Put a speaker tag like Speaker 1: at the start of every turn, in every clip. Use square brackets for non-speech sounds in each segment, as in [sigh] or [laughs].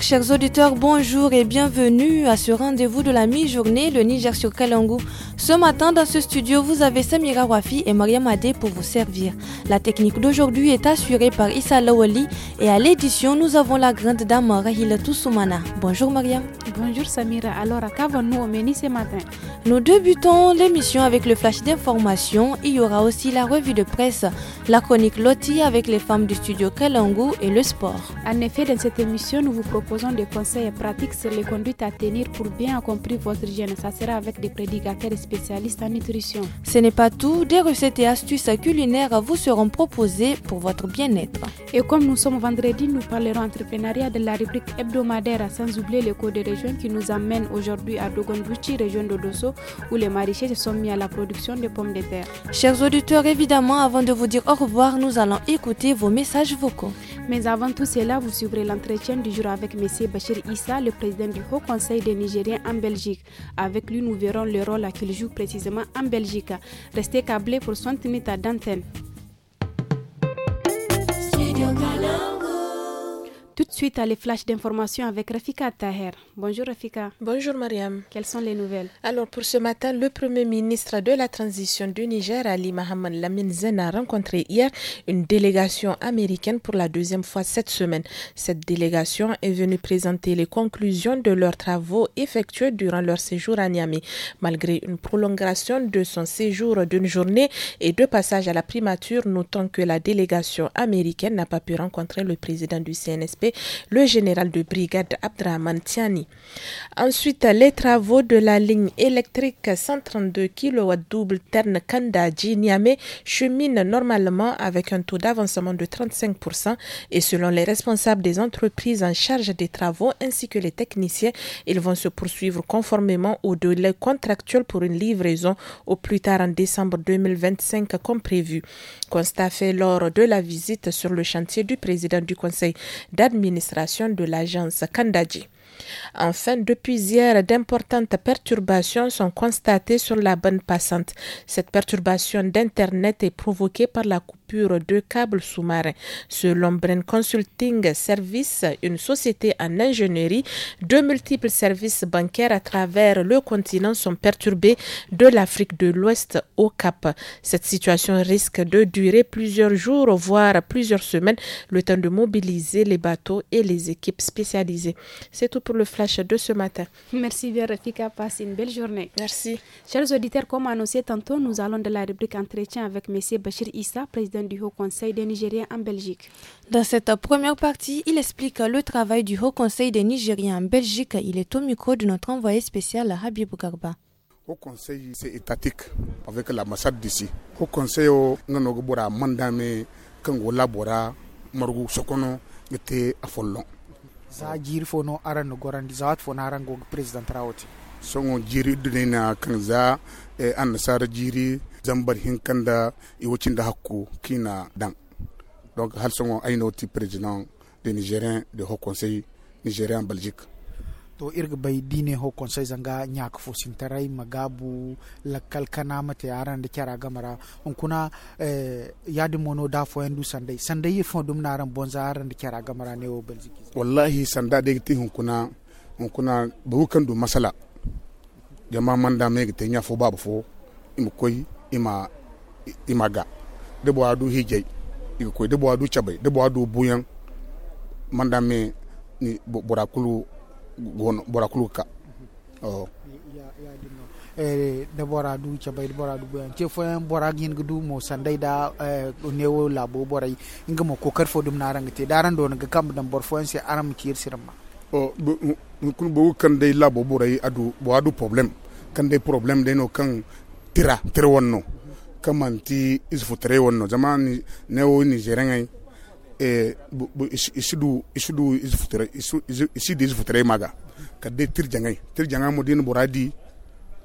Speaker 1: chers auditeurs, bonjour et bienvenue à ce rendez-vous de la mi-journée, le Niger sur Kalangu. Ce matin, dans ce studio, vous avez Samira Wafi et Mariam Madé pour vous servir. La technique d'aujourd'hui est assurée par Issa Lawali et à l'édition, nous avons la grande dame
Speaker 2: Rahila Toussoumana. Bonjour Mariam. Bonjour Samira, alors qu'avons-nous au menu ce matin
Speaker 1: Nous débutons l'émission avec le flash d'information. Il y aura aussi la revue de presse, la chronique Loti avec les femmes du studio Kalangu et le sport.
Speaker 2: En effet, dans cette émission, nous vous proposons des conseils pratiques sur les conduites à tenir pour bien accomplir votre hygiène. Ça sera avec des prédicateurs spécialistes en nutrition.
Speaker 1: Ce n'est pas tout, des recettes et astuces culinaires vous
Speaker 2: seront proposées pour votre bien-être. Et comme nous sommes vendredi, nous parlerons entrepreneuriat de la rubrique hebdomadaire sans oublier le code de région qui nous amène aujourd'hui à Dogonbuchi, région d'Odosso, où les maraîchers se sont mis à la production de pommes de terre. Chers auditeurs, évidemment, avant de vous dire au revoir, nous allons écouter vos messages vocaux. Mais avant tout cela, vous suivrez l'entretien du jour avec M. Bachir Issa, le président du Haut Conseil des Nigériens en Belgique. Avec lui, nous verrons le rôle qu'il joue précisément en Belgique. Restez câblés pour 60 minutes d'antenne. Tout de suite, à les flashs d'informations avec Rafika Taher. Bonjour Rafika. Bonjour Mariam. Quelles sont les nouvelles Alors pour
Speaker 3: ce matin, le Premier ministre de la Transition du Niger, Ali Mohamed Lamine Zen, a rencontré hier une délégation américaine pour la deuxième fois cette semaine. Cette délégation est venue présenter les conclusions de leurs travaux effectués durant leur séjour à Niamey. Malgré une prolongation de son séjour d'une journée et de passage à la primature, notons que la délégation américaine n'a pas pu rencontrer le président du CNSP le général de brigade Abdrahman Tiani. Ensuite, les travaux de la ligne électrique 132 kW double terne Kandaji Niamey cheminent normalement avec un taux d'avancement de 35% et selon les responsables des entreprises en charge des travaux ainsi que les techniciens, ils vont se poursuivre conformément au délai contractuel pour une livraison au plus tard en décembre 2025 comme prévu. Constat fait lors de la visite sur le chantier du président du conseil d'administration de l'agence Kandaji. Enfin, depuis hier, d'importantes perturbations sont constatées sur la bande passante. Cette perturbation d'Internet est provoquée par la coupure de câbles sous-marins. Selon Brain Consulting Service, une société en ingénierie, de multiples services bancaires à travers le continent sont perturbés de l'Afrique de l'Ouest au Cap. Cette situation risque de durer plusieurs jours, voire plusieurs semaines, le temps de mobiliser les bateaux et les équipes spécialisées. C'est tout pour le flash de ce matin.
Speaker 2: Merci bien, Passe une belle journée. Merci. Chers auditeurs, comme annoncé tantôt, nous allons de la rubrique entretien avec M. Bachir Issa, président du Haut Conseil des Nigériens en Belgique. Dans cette première partie, il explique le travail du
Speaker 1: Haut Conseil des Nigériens en Belgique. Il est au micro de notre envoyé spécial Habib Garba.
Speaker 4: Haut conseil, c'est étatique avec la massade d'ici. Haut conseil, oh, on a mandamé, quand on labora, que sokono, était à za
Speaker 5: jiri fo no aran no gorandi za wat fo na aran go president rawoti
Speaker 4: songo jiri dunena kan za eh, an sar jiri zambar hinkanda iwacin da hakku kina dan donc hal songo ayno ti président de nigérien de haut conseil nigérien belgique
Speaker 5: to irga bai dine ho konsai zanga nyak fo sintarai magabu lakkal kana mate aran da kyara gamara on kuna eh, yadi mono da fo yandu sandai sandai fo dum naran bonza aran da kyara gamara ne o belgiki
Speaker 4: wallahi sanda de ti hun kuna hun kuna bu kan masala jama man da me gite nya fo babu fo im koyi ima ima ga debo adu hijay igo koy debo adu chabay debo adu buyan mandame ni borakulu gono borakulu ka mm-hmm. oh
Speaker 6: ya ya dinno
Speaker 5: e eh, debora du chabay debora du buyan ce fo en bora gin gudu mo sanday da eh, newo labo boray ngamo ko karfo dum narangate daran don ga kam dan bor fo en se aram kir sirma
Speaker 4: o oh, kun bo kan dai labo boray adu bo adu problem kan dai problem dai no kan tira tira wonno kamanti isfu tere wonno zama ne wo nigérien ay e eh, isidu isidu isfu tere isidu isfu tere maga kadde tir jangay tir jangay mo din boradi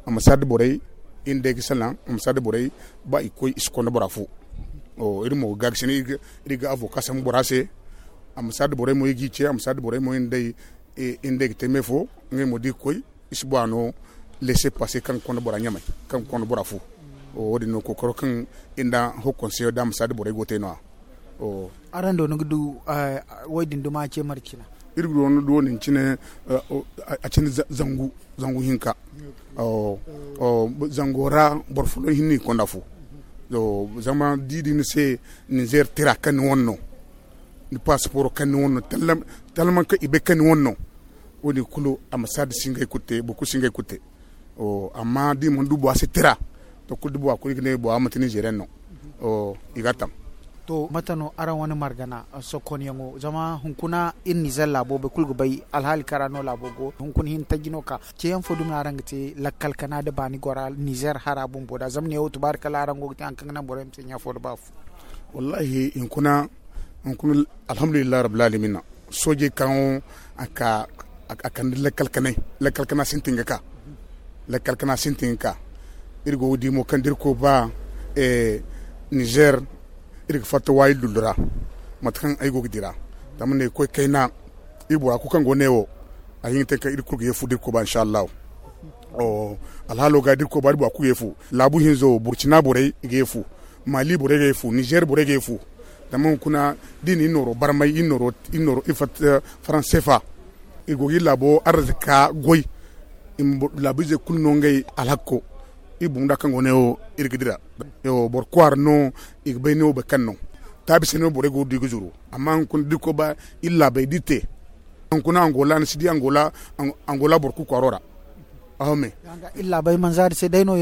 Speaker 4: amasad boray inde gisala amasad boray ba ikoy iskonda borafu o iri mo gagsini iri ga avocat sam borase amasad boray mo yigiche amasad boray mo eh, inde inde giteme fo ngai mo di koy isbuano laisser passer kan kono bora nyamai kan kono bora fu o oh, wodi no ko koro kan inda ho conseil da musa da bora gote no o arando no du wodi ndu ma ce markina irgu no do nin cine a cin oh. euh, euh, oh, zangu zangu hinka o o zangora borfulo hinni konda fu o zama didi ni se niger tira kan wonno ni passeport kan wonno talman ka ibe kan wonno woni kulu amsad singay kutte boku singay kutte o amma di mun du bo asitira to ku dubu akuri ne bo amatini jeren no o igatam
Speaker 5: to matano aran wani margana sokon yango zama hunkuna in nizal labo be kulgu bai alhali karano labo go hunkun hin tagino ka ke yan fodu na aran lakkal kana da bani gora nizer harabun boda zamne yau tubarkala aran go gite an kan nan boram tin ya fodu bafu
Speaker 4: wallahi in kuna in kuna alhamdulillah rabbil alamin soje kan aka akan lakkal lakkal kana sintinga ka la kalkana sintinka irgo wudimo kandirko ba e niger irgo fatta wayi dulura matkan aygo gidira tamne koy kayna ibura ku kan gonewo a hinta ka irko ge fudir ko ba insha Allah o alhalo ga dirko ba ba ku ge fu labu hinzo burkina bore ge fu mali bore ge fu niger bore ge fu tamun kuna dini noro barmai inoro inoro ifat eh, france fa irgo labo arzika goy la bise alhakko i bunda kango neo irgidira yo bor kwar no igbe bekano be borego tabi sene bore kun illa be dite an angola ni sidi angola angola bor ku ahome illa bay manzar se no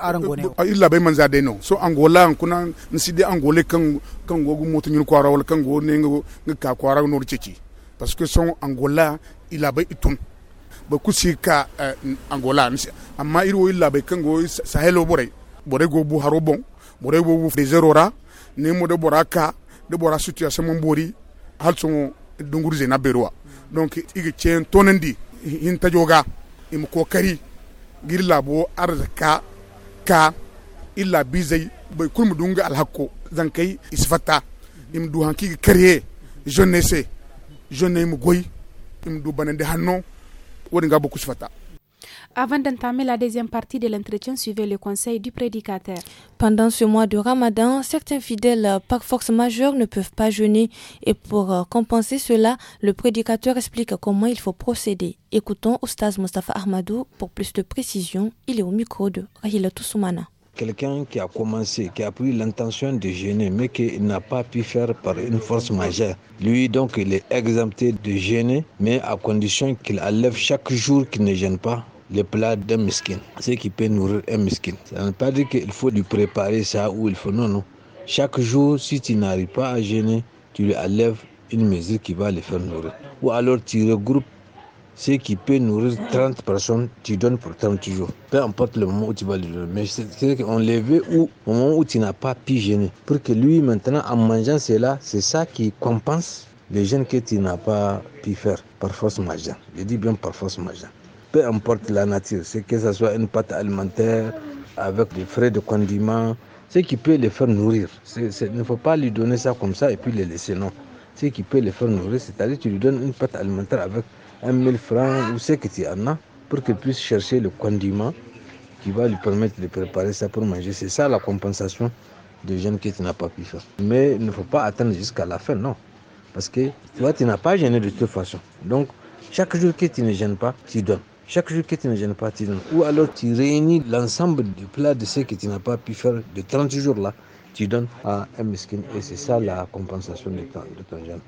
Speaker 4: arango ah, illa bay manzar no so angola an kuna ni sidi angole kan kan go moto ni kwara wala kan ngo no parce que son angola illa bay itun ba kusi ka eh, angola amma iro illa bai kango sahelo borai borai go bu haro bon borai go bu deserora ne mo de boraka de bora situation mon bori halso dunguru zena berwa donc igi cen tonandi hinta joga im kokari girla bo arzaka ka illa bizai bai kulmu dunga alhakko zankai isfata im du hanki kariye jeunesse jeune im goy im du banande hanno
Speaker 2: avant d'entamer la deuxième partie de l'entretien, suivez le conseil du prédicateur. Pendant ce mois de Ramadan, certains fidèles euh, par
Speaker 1: force majeure ne peuvent pas jeûner et pour euh, compenser cela, le prédicateur explique comment il faut procéder. Écoutons Oustaz Mustafa Ahmadou pour plus de précision. Il est au micro de Rahila Toussoumana
Speaker 7: quelqu'un qui a commencé, qui a pris l'intention de gêner, mais qui n'a pas pu faire par une force majeure. Lui, donc, il est exempté de gêner, mais à condition qu'il enlève chaque jour qu'il ne gêne pas le plat d'un miskin, ce qui peut nourrir un miskin. Ça ne veut pas dire qu'il faut lui préparer ça ou il faut. Non, non. Chaque jour, si tu n'arrives pas à gêner, tu lui enlèves une mesure qui va le faire nourrir. Ou alors tu regroupes ce qui peut nourrir 30 personnes, tu donnes pour 30 jours. Peu importe le moment où tu vas le donner. Mais c'est qu'on ou au moment où tu n'as pas pu gêner. Pour que lui, maintenant, en mangeant cela, c'est ça qui compense les jeunes que tu n'as pas pu faire par force majeure. Je dis bien par force majeure. Peu importe la nature, c'est que ce soit une pâte alimentaire avec des frais de condiments, ce qui peut les faire nourrir. il ne faut pas lui donner ça comme ça et puis les laisser, non. Ce qui peut les faire nourrir, c'est-à-dire tu lui donnes une pâte alimentaire avec un 1000 francs ou ce que tu en as pour qu'il puisse chercher le condiment qui va lui permettre de préparer ça pour manger. C'est ça la compensation de jeunes que tu n'as pas pu faire. Mais il ne faut pas attendre jusqu'à la fin, non. Parce que toi, tu n'as pas gêné de toute façon. Donc, chaque jour que tu ne gênes pas, tu donnes. Chaque jour que tu ne gênes pas, tu donnes. Ou alors tu réunis l'ensemble du plat de ce que tu n'as pas pu faire de 30 jours là, tu donnes à un miskin. Et c'est ça la compensation de ton, de ton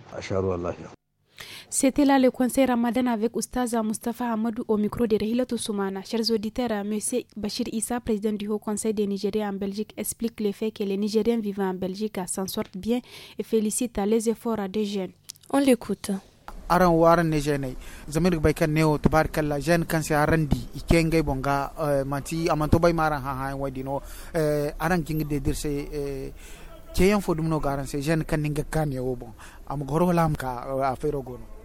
Speaker 2: c'était là le conseil ramadan avec Oustaza Mustafa Hamadou au micro de Rehilatou Soumana. Chers auditeurs, M. Bachir Issa, président du Haut Conseil des Nigériens en Belgique, explique le fait que les Nigériens vivant en Belgique s'en sortent bien et félicite les efforts des jeunes. On l'écoute.
Speaker 5: aran waran ne jenai zamir bai kan neo jen kan se arandi ikenge bonga eh, manti amanto bai maran ha ha wadi no eh, aran king de dirse eh, keyan fodum no garan se jen kan ninga kan yawo bon am goro lam ka afero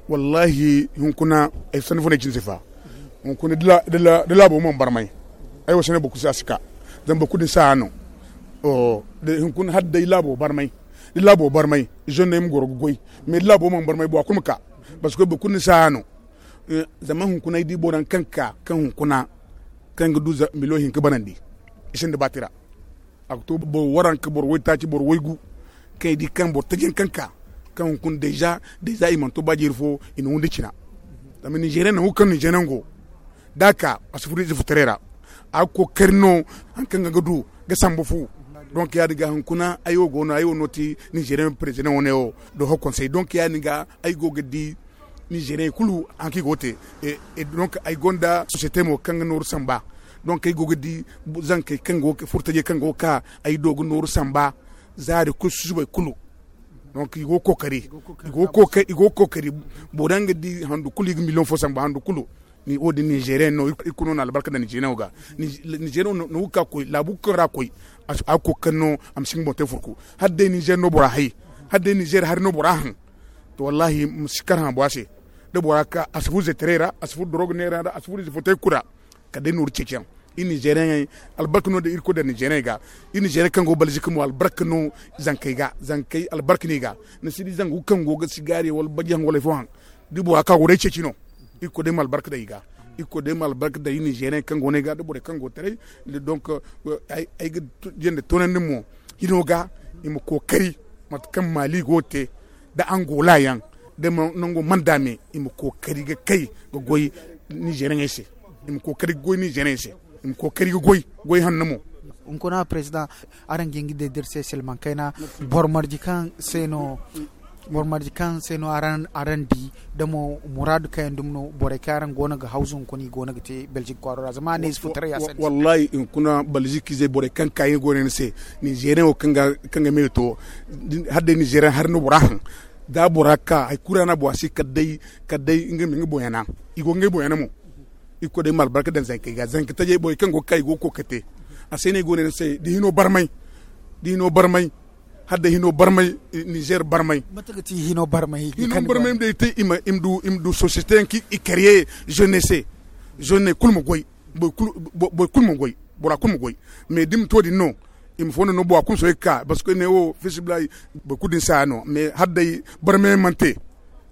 Speaker 4: wallahi hunkuna e sani fune kin sifa hunkuna dila dila dila bo mon barmai ai wasu ne buku sa sika dan buku din sa no o de hunkuna hadda ila bo barmai ila bo barmai jeune im gorgo goy mais ila bo mon barmai bo akum ka parce que buku din sa no e, zaman hunkuna idi boran kanka kan hunkuna kan gudu za milo hin di isin da batira to bo waran ka bor wai ci bor wai gu kai di kan bor tajin kanka kan kun deja deja i manto ba fo ina wundi china dami nigerian na hukan nigerian go daka asufuri zifuterera ako kerno an kan gadu ga sambufu donc ya diga hankuna ayo gono ayo noti nigerian president one do ho conseil donc ya niga ay go gadi nigerian kulu an ki gote et, et donc ay gonda société mo kan nor samba donc ay go gadi zan kan go furtaje kan go ka ay dogo nor samba zari kusubai kulu donc igo kokari igo kokari igo kokari bodange di handu kulu igi million fo sangba handu kulu ni o di nigérien no ikuno na albarka da nigérien ga nigérien no no ka koy labu kara koy a ko kanno am sing bonte furku hadde nigérien no bora hay hadde nigér har no bora han to wallahi musikar han boase de bora asfu zetrera asfu drogue asfu zefote kura ka de i nigérien albarka no da irko nigérien ga i nigérien kango albarka ga albarka ni ga na sidi kango ga sigari e han aka albarka da iga de albarka da i nigérien kango ne ga kango donc euh, ga jende mo hino ga mali gote da angola yan da nango mandame ga kai goyi nigérien ese goyi nigérien ese im ko kari goy goy hannu mo um kona
Speaker 5: président aran gengi de dirse selman bor marji kan seno bor marji kan seno aran aran di damo muradu kayan
Speaker 4: dumno bore karan gona ga hausun kuni gona ga te belgique kwaro zama ne su futare ya san wallahi in kuna belgique zai bore kan kayan gona ne se ni nigerian o kanga kanga meto hadde ni har harno burahan da buraka ay kurana bo asi kadai kadai ngi ngi boyana igo ngai boyana mo iko de mal barka den zanke ga zanke taje boy kango kay go ko kete a sai ne go ne sai di hino barmai di hino barmay hadda hino barmai niger barmai mataga ti hino barmai hino barmai de te ima imdu imdu société qui i créer jeunesse jeune kulmo goy boy boy mo goy bora mo goy mais dim todi non il me faut no bo akun so e ka parce que ne o fisiblay beaucoup d'insano mais hadda barmay manté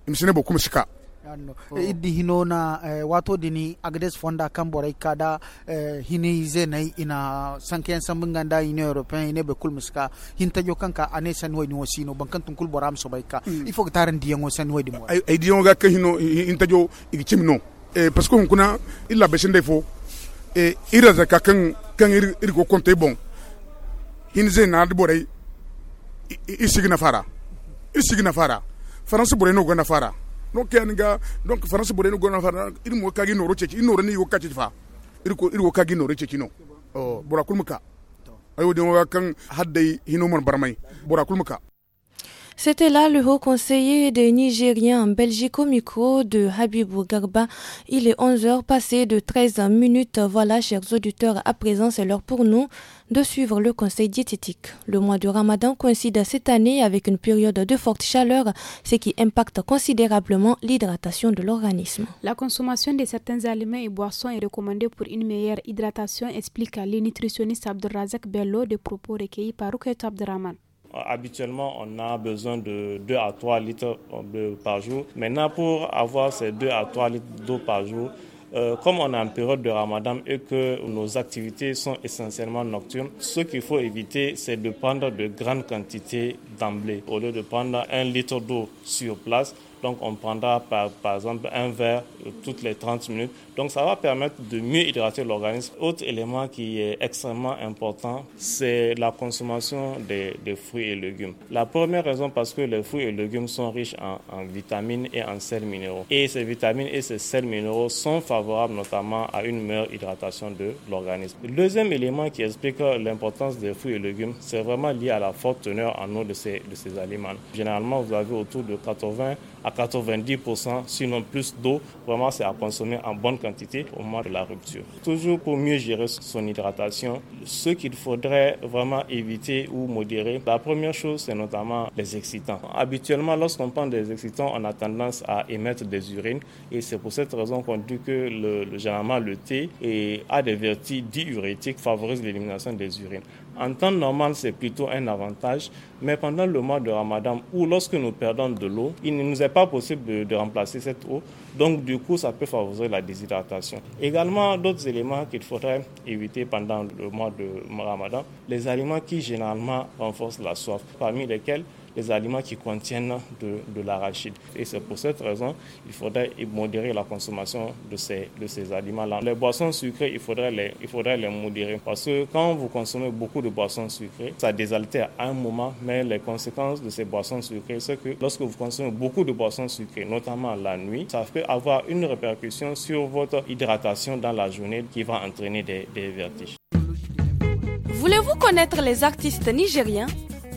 Speaker 4: imsine bo kum sika anno iddi
Speaker 5: oh. eh, hinona eh, watodini agdes fonda kamboray kada eh, hine ise nayi ina sankeyan sambe ganda union européen ine ɓe kulmiska hintajo kanka ane sani hoyni wo sino
Speaker 4: bankan tun kul boram sobay ka hmm. il faut que taran diyango sani hoydi mo ay diyango ga kahino jo igi e parce que hunkuna illa besende fo i razaka kan kan iri ko compte bon hini ze naadi boray i sigi nafara i sigi nafara france boray no ga nafara no kenga donc france bodeni gona fara iri mo kagi noro chechi ir noro ni yo kachi fa ir ko ir wo kagi noro chechi no o oh, bora kulmuka ayo de wa kan hadde hino mon barmay bora kulmuka
Speaker 1: C'était là le haut conseiller des Nigériens en Belgique au micro de Habibou Garba. Il est 11h passé de 13 minutes. Voilà, chers auditeurs, à présent, c'est l'heure pour nous de suivre le conseil diététique. Le mois du ramadan coïncide cette année avec une période de forte chaleur, ce qui impacte considérablement l'hydratation de l'organisme.
Speaker 2: La consommation de certains aliments et boissons est recommandée pour une meilleure hydratation, explique le nutritionniste Abdelrazak Bello des propos recueillis par Ruket Abdurrahman.
Speaker 8: Habituellement, on a besoin de 2 à 3 litres d'eau par jour. Maintenant, pour avoir ces 2 à 3 litres d'eau par jour, euh, comme on est en période de ramadan et que nos activités sont essentiellement nocturnes, ce qu'il faut éviter, c'est de prendre de grandes quantités d'emblée. Au lieu de prendre un litre d'eau sur place, donc on prendra par, exemple un verre toutes les 30 minutes. Donc ça va permettre de mieux hydrater l'organisme. Autre élément qui est extrêmement important, c'est la consommation des, fruits et légumes. La première raison, parce que les fruits et légumes sont riches en, vitamines et en sels minéraux. Et ces vitamines et ces sels minéraux sont favorables notamment à une meilleure hydratation de l'organisme. Le deuxième élément qui explique l'importance des fruits et légumes, c'est vraiment lié à la forte teneur en eau de ces, de ces aliments. Généralement, vous avez autour de 80 à 90%, sinon plus d'eau. Vraiment, c'est à consommer en bonne quantité au moment de la rupture. Toujours pour mieux gérer son hydratation, ce qu'il faudrait vraiment éviter ou modérer, la première chose, c'est notamment les excitants. Habituellement, lorsqu'on prend des excitants, on a tendance à émettre des urines et c'est pour cette raison qu'on dit que le, généralement le thé a des vertus diurétiques favorisent l'élimination des urines. En temps normal, c'est plutôt un avantage, mais pendant le mois de Ramadan ou lorsque nous perdons de l'eau, il ne nous est pas possible de, remplacer cette eau. Donc, du coup, ça peut favoriser la déshydratation. Également, d'autres éléments qu'il faudrait éviter pendant le mois de Ramadan, les aliments qui généralement renforcent la soif, parmi lesquels les aliments qui contiennent de, de l'arachide. Et c'est pour cette raison qu'il faudrait modérer la consommation de ces, de ces aliments-là. Les boissons sucrées, il faudrait les, il faudrait les modérer parce que quand vous consommez beaucoup de boissons sucrées, ça désaltère à un moment, mais les conséquences de ces boissons sucrées, c'est que lorsque vous consommez beaucoup de boissons sucrées, notamment la nuit, ça peut avoir une répercussion sur votre hydratation dans la journée qui va entraîner des, des vertiges.
Speaker 1: Voulez-vous connaître les artistes nigériens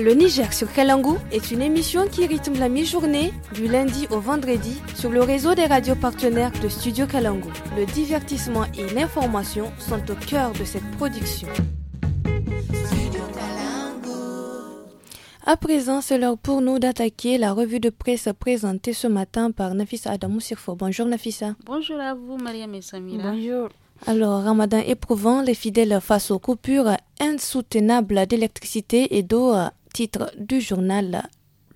Speaker 1: Le Niger sur Kalangu est une émission qui rythme la mi-journée du lundi au vendredi sur le réseau des radios partenaires de Studio Kalangu. Le divertissement et l'information sont au cœur de cette production. À présent, c'est l'heure pour nous d'attaquer la revue de presse présentée ce matin par Nafisa Adamou Sirfo. Bonjour Nafisa.
Speaker 9: Bonjour à vous Maria et Bonjour.
Speaker 1: Alors, Ramadan éprouvant, les fidèles face aux coupures insoutenables d'électricité et d'eau titre du journal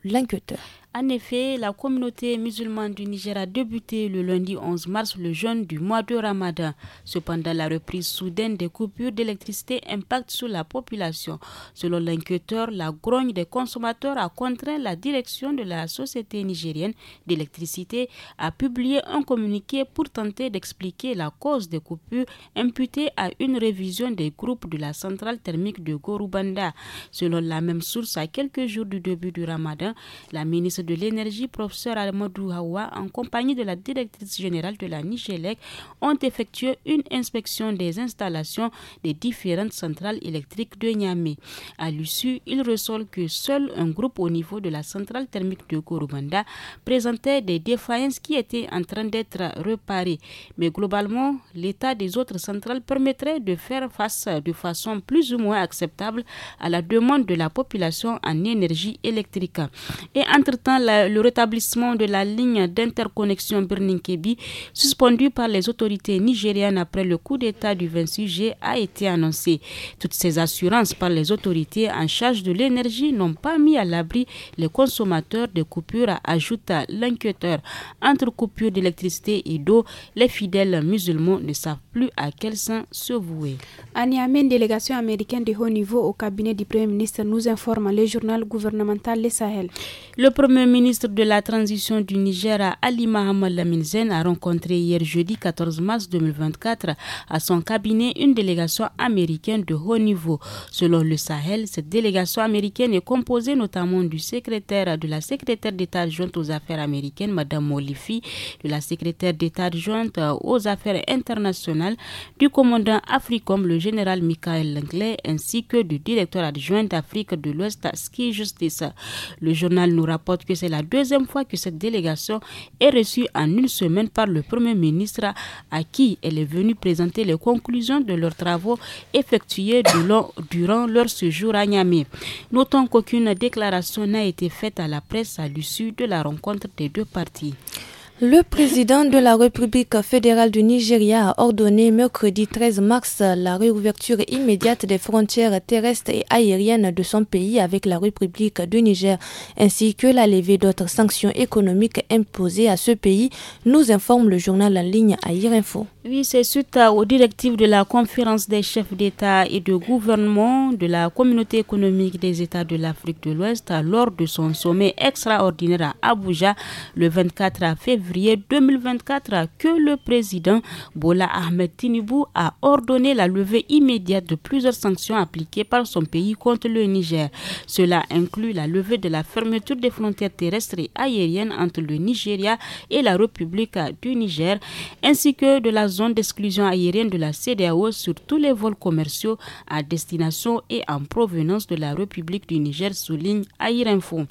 Speaker 1: L'Incuteur.
Speaker 9: En effet, la communauté musulmane du Niger a débuté le lundi 11 mars le jeûne du mois de Ramadan. Cependant, la reprise soudaine des coupures d'électricité impacte sur la population. Selon l'inquiéteur, la grogne des consommateurs a contraint la direction de la Société nigérienne d'électricité à publier un communiqué pour tenter d'expliquer la cause des coupures imputées à une révision des groupes de la centrale thermique de Gorubanda. Selon la même source, à quelques jours du début du Ramadan, la ministre de l'énergie, professeur Almodou Hawa, en compagnie de la directrice générale de la Nigelec, ont effectué une inspection des installations des différentes centrales électriques de Niamey. À l'issue, il ressort que seul un groupe au niveau de la centrale thermique de Korubanda présentait des défaillances qui étaient en train d'être réparées. Mais globalement, l'état des autres centrales permettrait de faire face de façon plus ou moins acceptable à la demande de la population en énergie électrique. Et entre-temps, le rétablissement de la ligne d'interconnexion Burning kebi suspendue par les autorités nigériennes après le coup d'État du 20 juillet, a été annoncé. Toutes ces assurances par les autorités en charge de l'énergie n'ont pas mis à l'abri les consommateurs de coupures, ajoute l'inquiéteur. Entre coupures d'électricité et d'eau, les fidèles musulmans ne savent plus à quel sens se vouer.
Speaker 2: À délégation américaine de haut niveau au cabinet du Premier ministre nous informe le journal gouvernemental Les Sahel.
Speaker 9: Le premier ministre de la Transition du Niger, Ali Mohamed Laminzen, a rencontré hier jeudi 14 mars 2024 à son cabinet une délégation américaine de haut niveau. Selon le Sahel, cette délégation américaine est composée notamment du secrétaire de la secrétaire d'État adjointe aux affaires américaines, Madame Molifi, de la secrétaire d'État adjointe aux affaires internationales, du commandant Africom, le général Michael Langley, ainsi que du directeur adjoint d'Afrique de l'Ouest, Ski Justice. Le journal nous rapporte que c'est la deuxième fois que cette délégation est reçue en une semaine par le Premier ministre à qui elle est venue présenter les conclusions de leurs travaux effectués durant leur séjour à Niamey. Notons qu'aucune déclaration n'a été faite à la presse à l'issue de la rencontre des deux parties.
Speaker 1: Le président de la République fédérale du Nigeria a ordonné mercredi 13 mars la réouverture immédiate des frontières terrestres et aériennes de son pays avec la République du Niger, ainsi que la levée d'autres sanctions économiques imposées à ce pays, nous informe le journal en ligne Air Info.
Speaker 9: Oui, c'est suite aux directives de la conférence des chefs d'État et de gouvernement de la communauté économique des États de l'Afrique de l'Ouest lors de son sommet extraordinaire à Abuja le 24 février 2024 que le président Bola Ahmed Tinubu a ordonné la levée immédiate de plusieurs sanctions appliquées par son pays contre le Niger. Cela inclut la levée de la fermeture des frontières terrestres et aériennes entre le Nigeria et la République du Niger ainsi que de la zone d'exclusion aérienne de la CDAO sur tous les vols commerciaux à destination et en provenance de la République du Niger, souligne Info.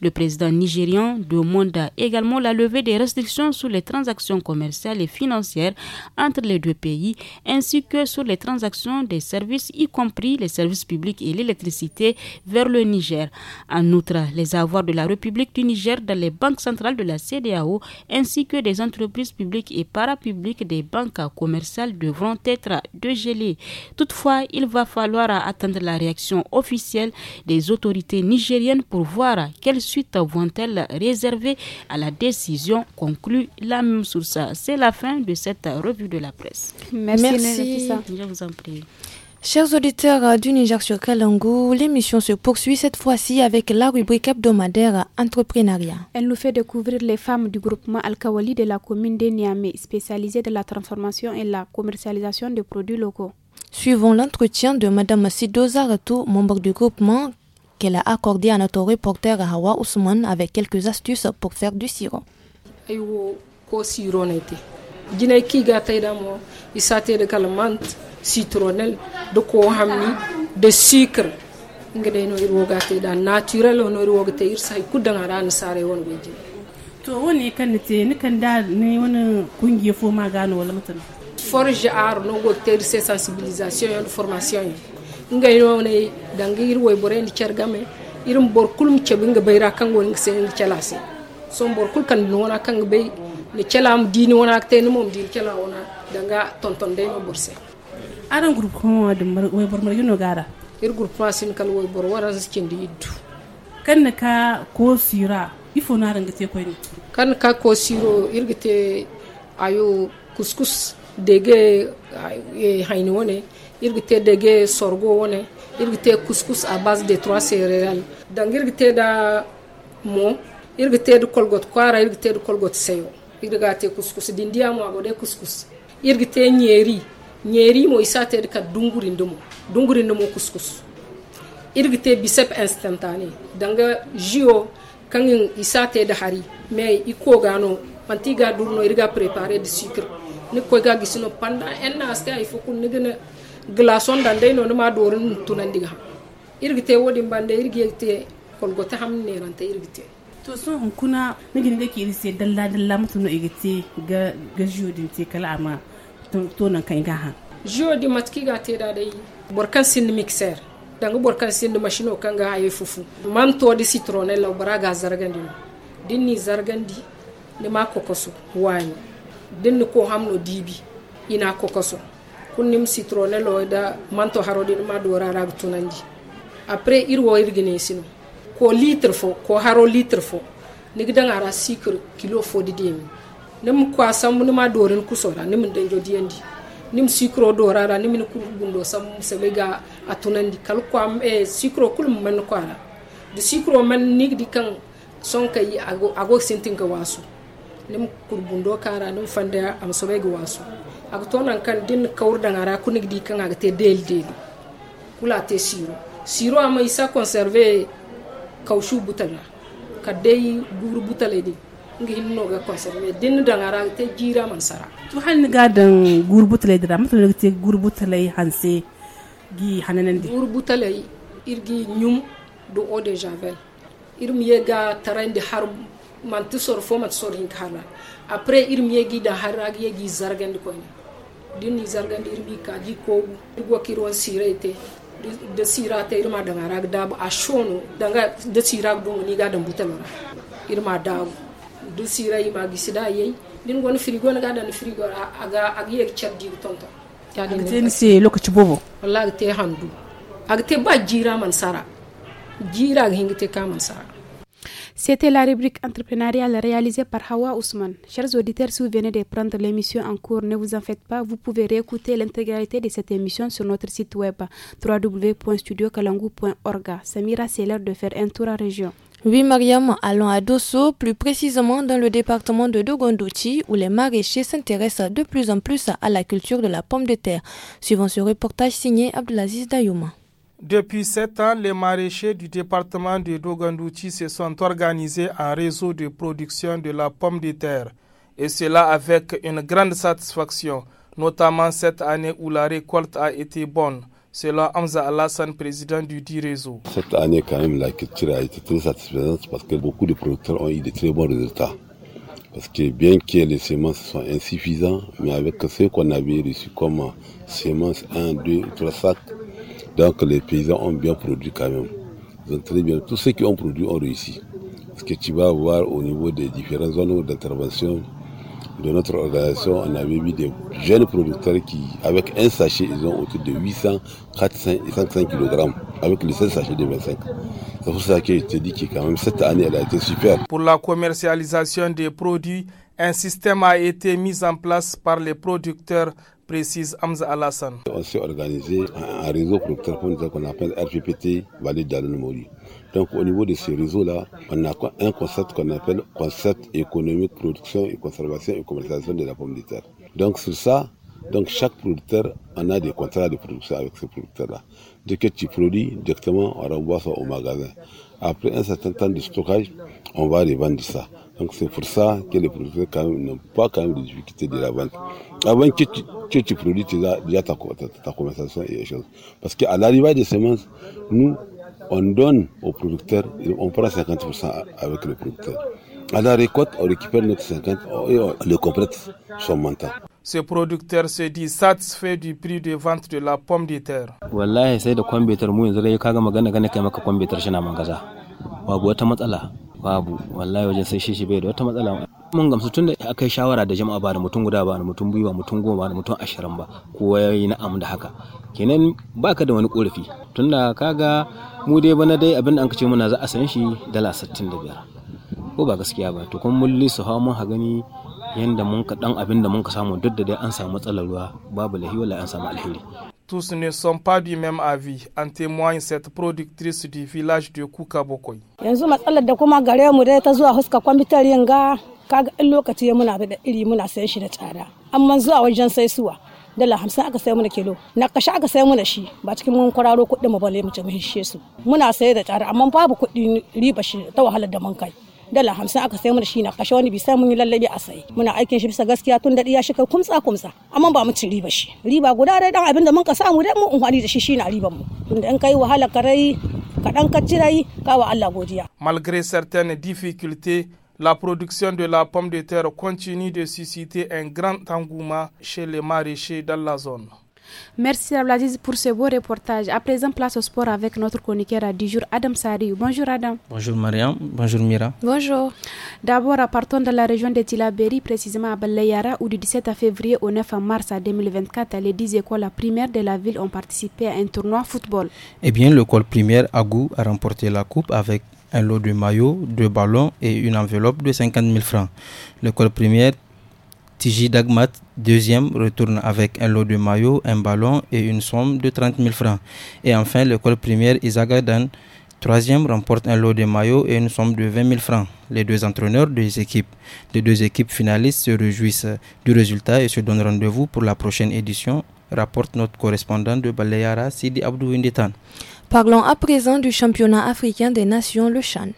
Speaker 9: Le président nigérian demande également la levée des restrictions sur les transactions commerciales et financières entre les deux pays, ainsi que sur les transactions des services, y compris les services publics et l'électricité, vers le Niger. En outre, les avoirs de la République du Niger dans les banques centrales de la CDAO, ainsi que des entreprises publiques et parapubliques des banques banques commerciales devront être dégelées. Toutefois, il va falloir attendre la réaction officielle des autorités nigériennes pour voir quelle suite vont-elles réserver à la décision conclue la même source. C'est la fin de cette revue de la presse.
Speaker 2: Merci. Je vous en prie. Chers auditeurs
Speaker 1: euh, du Niger sur Kalangou, l'émission se poursuit cette fois-ci avec la rubrique hebdomadaire Entrepreneuriat.
Speaker 2: Elle nous fait découvrir les femmes du groupement Al-Kawali de la commune de Niamey, spécialisées dans la transformation et la commercialisation des produits locaux.
Speaker 1: Suivons l'entretien de Mme Sido Zaratou, membre du groupement, qu'elle a accordé à notre reporter Hawa Ousmane avec quelques astuces pour faire du sirop.
Speaker 10: Oh, jinay kiga taydamo isatede kala mante citronnelle de ko hamni de sucre day no irwoga tayda naturel no irwoga tayir sai kudanga ran sare won goje
Speaker 1: to woni kan te ni kan da ni wani kungiye fo ma gano wala mutana
Speaker 10: forge ar no go tayir se sensibilisation yon formation ngay no ne dangi irwoy bore ni cergame irum bor kulum nga bayra kan ngi se ni calase so bor kul kan no wona kan bay no celam dini wona te no mom din cela wona danga tonton de no borse
Speaker 1: aran groupe ko de way bor margino gara
Speaker 10: ir groupe ma sin kal way bor wara skin di iddu
Speaker 1: kan ka ko
Speaker 3: sira ifo na ranga te ko
Speaker 10: kan ka ko siro irgite ayo kuskus dege e hayni wone irgite dege sorgo wone irgite kuskus a base de trois céréales donc irgite da mo irgite da kolgot kwara irgite da kolgot sayo irgate kuskus dindiya mo agode kuskus irgite nyeri nyeri mo isate ka dungurindu mo dungurindu mo kuskus irgite bicep instantané. danga jio kangin isate da hari me iko gano pantiga durno irga préparer de sucre ni ko ga gisino pendant en aste ay foku nigene glaçon dande no ma dorin tunandiga irgite wodi bande irgite kolgote ham nerante
Speaker 1: to sun hunkuna na gini da ke risi dalla dalla mutum na igite ga ga din te kala tonan kan ga ha. gaha
Speaker 10: jodi matki ga te da dai borkan sin mixer danga borkan sin mashino kan ga haye fufu man to di citronella bara ga zargan din din ni ma kokoso wani dinni ko hamno dibi ina kokoso kunnim citronella da manto harodi ma dora ra tunandi après irwo irgine sinu ko litre fo ko haro litre fo nigdan ngara sikro kilo fo di nem nim asam ni nima dorin kusora nem da jo andi nim sikro dora ra nim ku gundo sam semega atunandi kal am e sikro kul man ara di sikro man di kan son kai ago ago sintin ga wasu nim gundo kara nim fande am sobega wasu aga tonan kan din kawr da ngara kunig di kan aga te del del kula te siro siro ama isa conserver kaushu butanya kadai guru butale ni ngi hinno ga conserver din dangara te jira man sara to hal ni
Speaker 1: gadan guru butale dira mutul te guru butale hanse gi
Speaker 10: hananen di guru butale irgi nyum do eau de javel irum yega tarande har man sor fo mat sor hin kala après irum yegi da harag yegi zargandi ko ni din ni zargandi irmi kaji ko go kirwan sirete da sira ta irma da ngara da a shono ga da sira do ni ga da buta mara irma da de sira yi ma gisi da yayi din gon frigo na ga da frigo aga aga yek chat di tonton ya din ni se lokaci bobo wallahi te handu
Speaker 2: aga te ba jira man sara jira ga hingite ka man sara C'était la rubrique entrepreneuriale réalisée par Hawa Ousmane. Chers auditeurs, si vous venez de prendre l'émission en cours, ne vous en faites pas. Vous pouvez réécouter l'intégralité de cette émission sur notre site web www.studiokalangu.org. Samira, c'est l'heure de faire un tour à région.
Speaker 1: Oui, Mariam, allons à Dosso, plus précisément dans le département de Dogondouchi, où les maraîchers s'intéressent de plus en plus à la culture de la pomme de terre, suivant ce reportage signé Abdelaziz Dayouma.
Speaker 11: Depuis sept ans, les maraîchers du département de Dogandouchi se sont organisés en réseau de production de la pomme de terre, et cela avec une grande satisfaction, notamment cette année où la récolte a été bonne. là Hamza Alassane, président du dit réseau.
Speaker 12: Cette année, quand même, la culture a été très satisfaisante parce que beaucoup de producteurs ont eu de très bons résultats. Parce que bien que les semences soient insuffisantes, mais avec ce qu'on avait reçu comme semences 1, 2, 3 sacs, donc les paysans ont bien produit quand même. Ils ont très bien. Tous ceux qui ont produit ont réussi. Ce que tu vas voir au niveau des différentes zones d'intervention de notre organisation, on avait mis des jeunes producteurs qui, avec un sachet, ils ont autour de 800, 400 et 500 kg, avec le seul sachet de 25. C'est pour ça que je te dis que quand même cette année, elle a été
Speaker 11: super. Pour la commercialisation des produits, un système a été mis en place par les producteurs précise On
Speaker 12: s'est organisé un réseau producteur qu'on appelle RGPT Vallée Mori. Donc au niveau de ce réseau-là, on a un concept qu'on appelle concept économique, production et conservation et commercialisation de la pomme de terre. Donc sur ça, donc chaque producteur, on a des contrats de production avec ce producteur-là. Dès que tu produis, directement, on renvoie ça au magasin. Après un certain temps de stockage, on va vendre ça. Donc c'est pour ça que les producteurs n'ont pas quand même de difficultés de la vente avant ah que tu, que tu produis déjà, ta, conversation et les choses. Parce qu'à l'arrivée des semences, nous, on donne au producteur, on prend 50% avec le producteur. À la récolte, on récupère notre 50 et on le complète son montant.
Speaker 11: Ce producteur se dit satisfait du prix de vente de la pomme de terre. babu wallahi wajen sai shi bai da wata matsala mun gamsu tunda aka yi shawara da jama'a ba da mutum guda ba da mutum biyu ba mutum goma ba da mutum ashirin ba kowa ya yi na'am da haka kenan baka da wani korafi tunda kaga mu dai bana dai abin da an ce muna za a san shi dala sittin da biyar ko ba gaskiya ba to kuma mun lisa hawa mun gani yanda mun ka dan abin da mun ka samu duk da dai an samu matsalar ruwa babu lahi wala an samu alheri tous ne sont pas du même avis, en témoigne cette productrice du village de Kukabokoy.
Speaker 9: Yanzu matsalar da kuma gare mu dai ta zuwa huska kwamfutar ga kaga in lokaci ya muna da iri muna sayan shi da tsada. Amma zuwa wajen sai suwa dala hamsin aka sayi mana kilo na kashe aka sayi mana shi ba cikin mun kwararo kuɗin mu bale mu ci mu hishe su muna saye da tsada amma babu kuɗi riba shi ta wahalar da mun kai. dala hamsin aka sai mana shi na kashe wani bisa mun yi lallabi a sai muna aikin shi bisa gaskiya tun da iya shi kai kumtsa kumtsa amma ba mu cin riba shi riba guda dai dan abin da mun ka samu dai mu unhani da shi shi na riban mu tun da in kai wahala ka rai ka dan ka ci rai kawa Allah godiya
Speaker 11: malgré certaines difficultés La production de la pomme de terre continue de susciter un grand engouement chez les maraîchers dans la zone.
Speaker 2: Merci Ablaziz pour ce beau reportage. À présent, place au sport avec notre chroniqueur à 10 jours Adam Sari. Bonjour Adam.
Speaker 13: Bonjour Mariam. Bonjour Mira.
Speaker 2: Bonjour. D'abord, partons de la région de Tilaberi, précisément à Balayara, où du 17 février au 9 mars 2024, les 10 écoles primaires de la ville ont participé à un tournoi football.
Speaker 13: Eh bien, l'école primaire Agou a remporté la coupe avec un lot de maillots, de ballons et une enveloppe de 50 000 francs. L'école primaire Tiji Dagmat, deuxième, retourne avec un lot de maillots, un ballon et une somme de 30 000 francs. Et enfin, l'école primaire Isagadan, troisième, remporte un lot de maillots et une somme de 20 000 francs. Les deux entraîneurs des équipes, des deux équipes finalistes se réjouissent du résultat et se donnent rendez-vous pour la prochaine édition, rapporte notre correspondant de Baleyara, Sidi Abdou
Speaker 1: Parlons à présent du championnat africain des nations, le CHAN.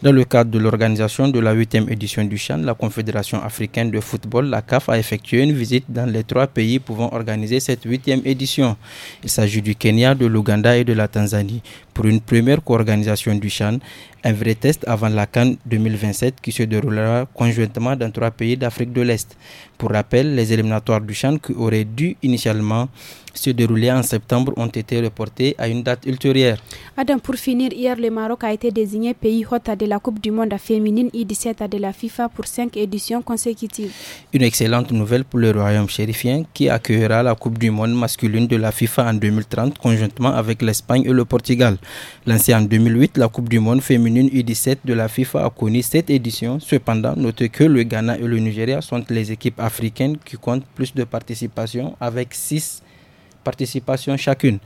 Speaker 13: Dans le cadre de l'organisation de la 8e édition du CHAN, la Confédération africaine de football, la CAF, a effectué une visite dans les trois pays pouvant organiser cette 8e édition. Il s'agit du Kenya, de l'Ouganda et de la Tanzanie pour une première co-organisation du CHAN, un vrai test avant la Cannes 2027 qui se déroulera conjointement dans trois pays d'Afrique de l'Est. Pour rappel, les éliminatoires du CHAN qui auraient dû initialement se déroulé en septembre ont été reportés à une date ultérieure.
Speaker 2: Adam, pour finir, hier, le Maroc a été désigné pays hôte de la Coupe du Monde féminine u 17 de la FIFA pour cinq éditions consécutives.
Speaker 13: Une excellente nouvelle pour le Royaume chérifien qui accueillera la Coupe du Monde masculine de la FIFA en 2030 conjointement avec l'Espagne et le Portugal. Lancée en 2008, la Coupe du Monde féminine U17 de la FIFA a connu cette éditions. Cependant, notez que le Ghana et le Nigeria sont les équipes africaines qui comptent plus de participation avec 6 participation chacune.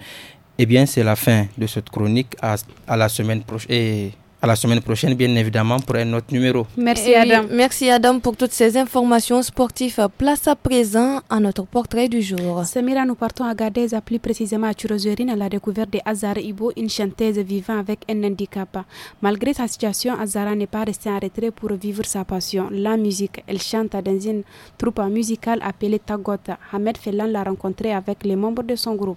Speaker 13: Eh bien, c'est la fin de cette chronique. à la semaine prochaine à la semaine prochaine, bien évidemment, pour un autre numéro. Merci Adam.
Speaker 1: merci Adam pour toutes ces informations sportives. Place à présent
Speaker 2: à notre portrait du jour. Samira, nous partons à Gadez, plus précisément à Churoserine à la découverte de Azara Ibo, une chanteuse vivant avec un handicap. Malgré sa situation, Azara n'est pas restée en retrait pour vivre sa passion, la musique. Elle chante dans une troupe musicale appelée Tagota. Ahmed Fellan l'a rencontrée avec les membres de son groupe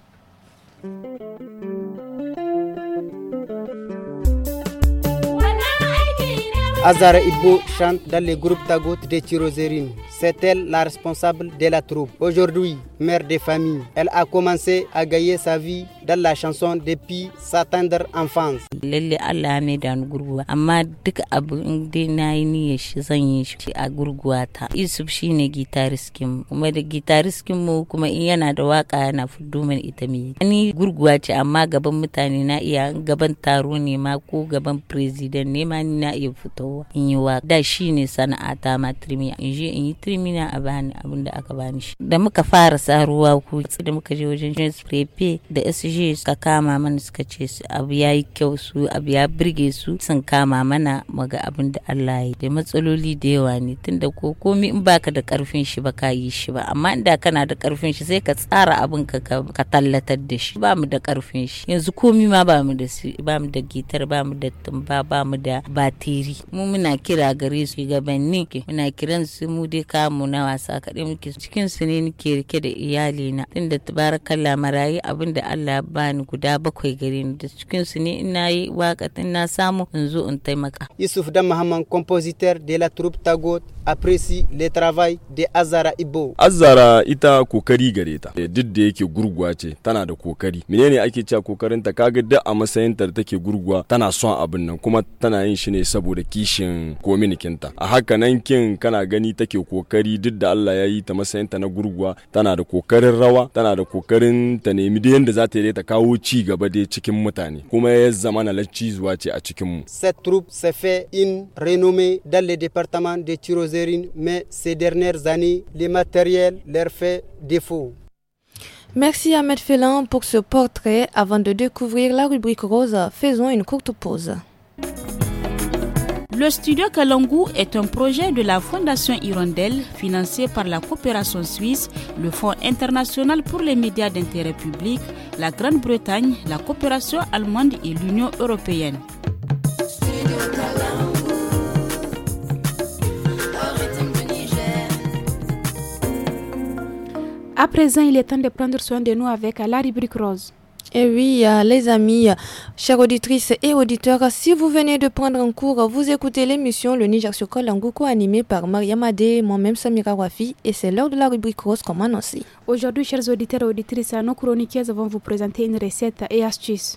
Speaker 9: azara
Speaker 5: ibbo chante dans le groupe tagot de Tirozerine. C'est elle la responsable de la troupe. Aujourd'hui, mère de famille, elle a commencé à gagner sa vie dans la chanson
Speaker 14: depuis sa tendre enfance. Lalle Allah ne da gurguwa, amma duk abu in dai na yi niyyar shi zan shi a gurguwa ta. Yusuf shine guitarist kin kuma da guitarist kin mu kuma in yana da waka yana fuddo Ni gurguwa ce amma gaban mutane na iya gaban taro ne ma ko gaban president ne ma ni na iya fitowa in yi waka. Da shine sana'ata ma trimi je in kirmina a bani abin da aka bani shi da muka fara sa ruwa ku da muka je wajen James Prepe da SG suka kama mana suka ce su abu yayi kyau su abu ya birge su sun kama mana maga abin da Allah ya da matsaloli da yawa ne tunda ko komi in baka da karfin shi ba ka yi shi ba amma inda kana da karfin shi sai ka tsara abin ka ka tallatar da shi ba mu da karfin shi yanzu komi ma ba mu da su ba mu da gitar ba mu da tumba ba mu da batiri mu muna kira gare su gabanin muna kiran su mu dai samu na wasa kaɗai muke cikin su ne nake rike da iyali na tunda tabarakallah marayi abin da Allah ya bani guda bakwai gare ni da cikin su ne ina yi waka na samu in zo in taimaka
Speaker 5: Yusuf Dan Muhammad compositeur de la troupe Tagot apresi le travail de Azara Ibo.
Speaker 15: Azara ita kokari gareta. ta. Eh, duk da yake gurguwa ce tana da kokari. Menene ake cewa kokarin ta kaga da a matsayin ta da take gurguwa tana son abin nan kuma tana yin shi ne saboda kishin kominikin ta. A haka nan kin kana gani take kokari duk da Allah ya yi ta matsayin ta na gurguwa tana da kokarin rawa tana da kokarin ta nemi da yanda za ta yi ta kawo ci gaba dai cikin mutane kuma ya zama na lacci zuwa ce a cikin mu.
Speaker 5: Cette troupe se fait une renommée dans le département de Tirozé mais ces dernières années, les matériels leur fait défaut.
Speaker 1: Merci Ahmed Félan pour ce portrait. Avant de découvrir la rubrique rose, faisons une courte pause.
Speaker 9: Le studio Kalangu est un projet de la Fondation Hirondelle financé par la coopération suisse, le Fonds international pour les médias d'intérêt public, la Grande-Bretagne, la coopération allemande et l'Union européenne.
Speaker 2: À présent, il est temps de prendre soin de nous avec la rubrique rose. Eh oui, euh, les
Speaker 1: amis, euh, chères auditrices et auditeurs, si vous venez de prendre un cours, vous écoutez l'émission Le Niger en Goukou animée par Mariamade, moi-même Samira Wafi, et c'est l'heure de la rubrique rose comme
Speaker 2: annoncé. Aujourd'hui, chers auditeurs et auditrices, nos chroniqueuses vont vous présenter une recette et astuce.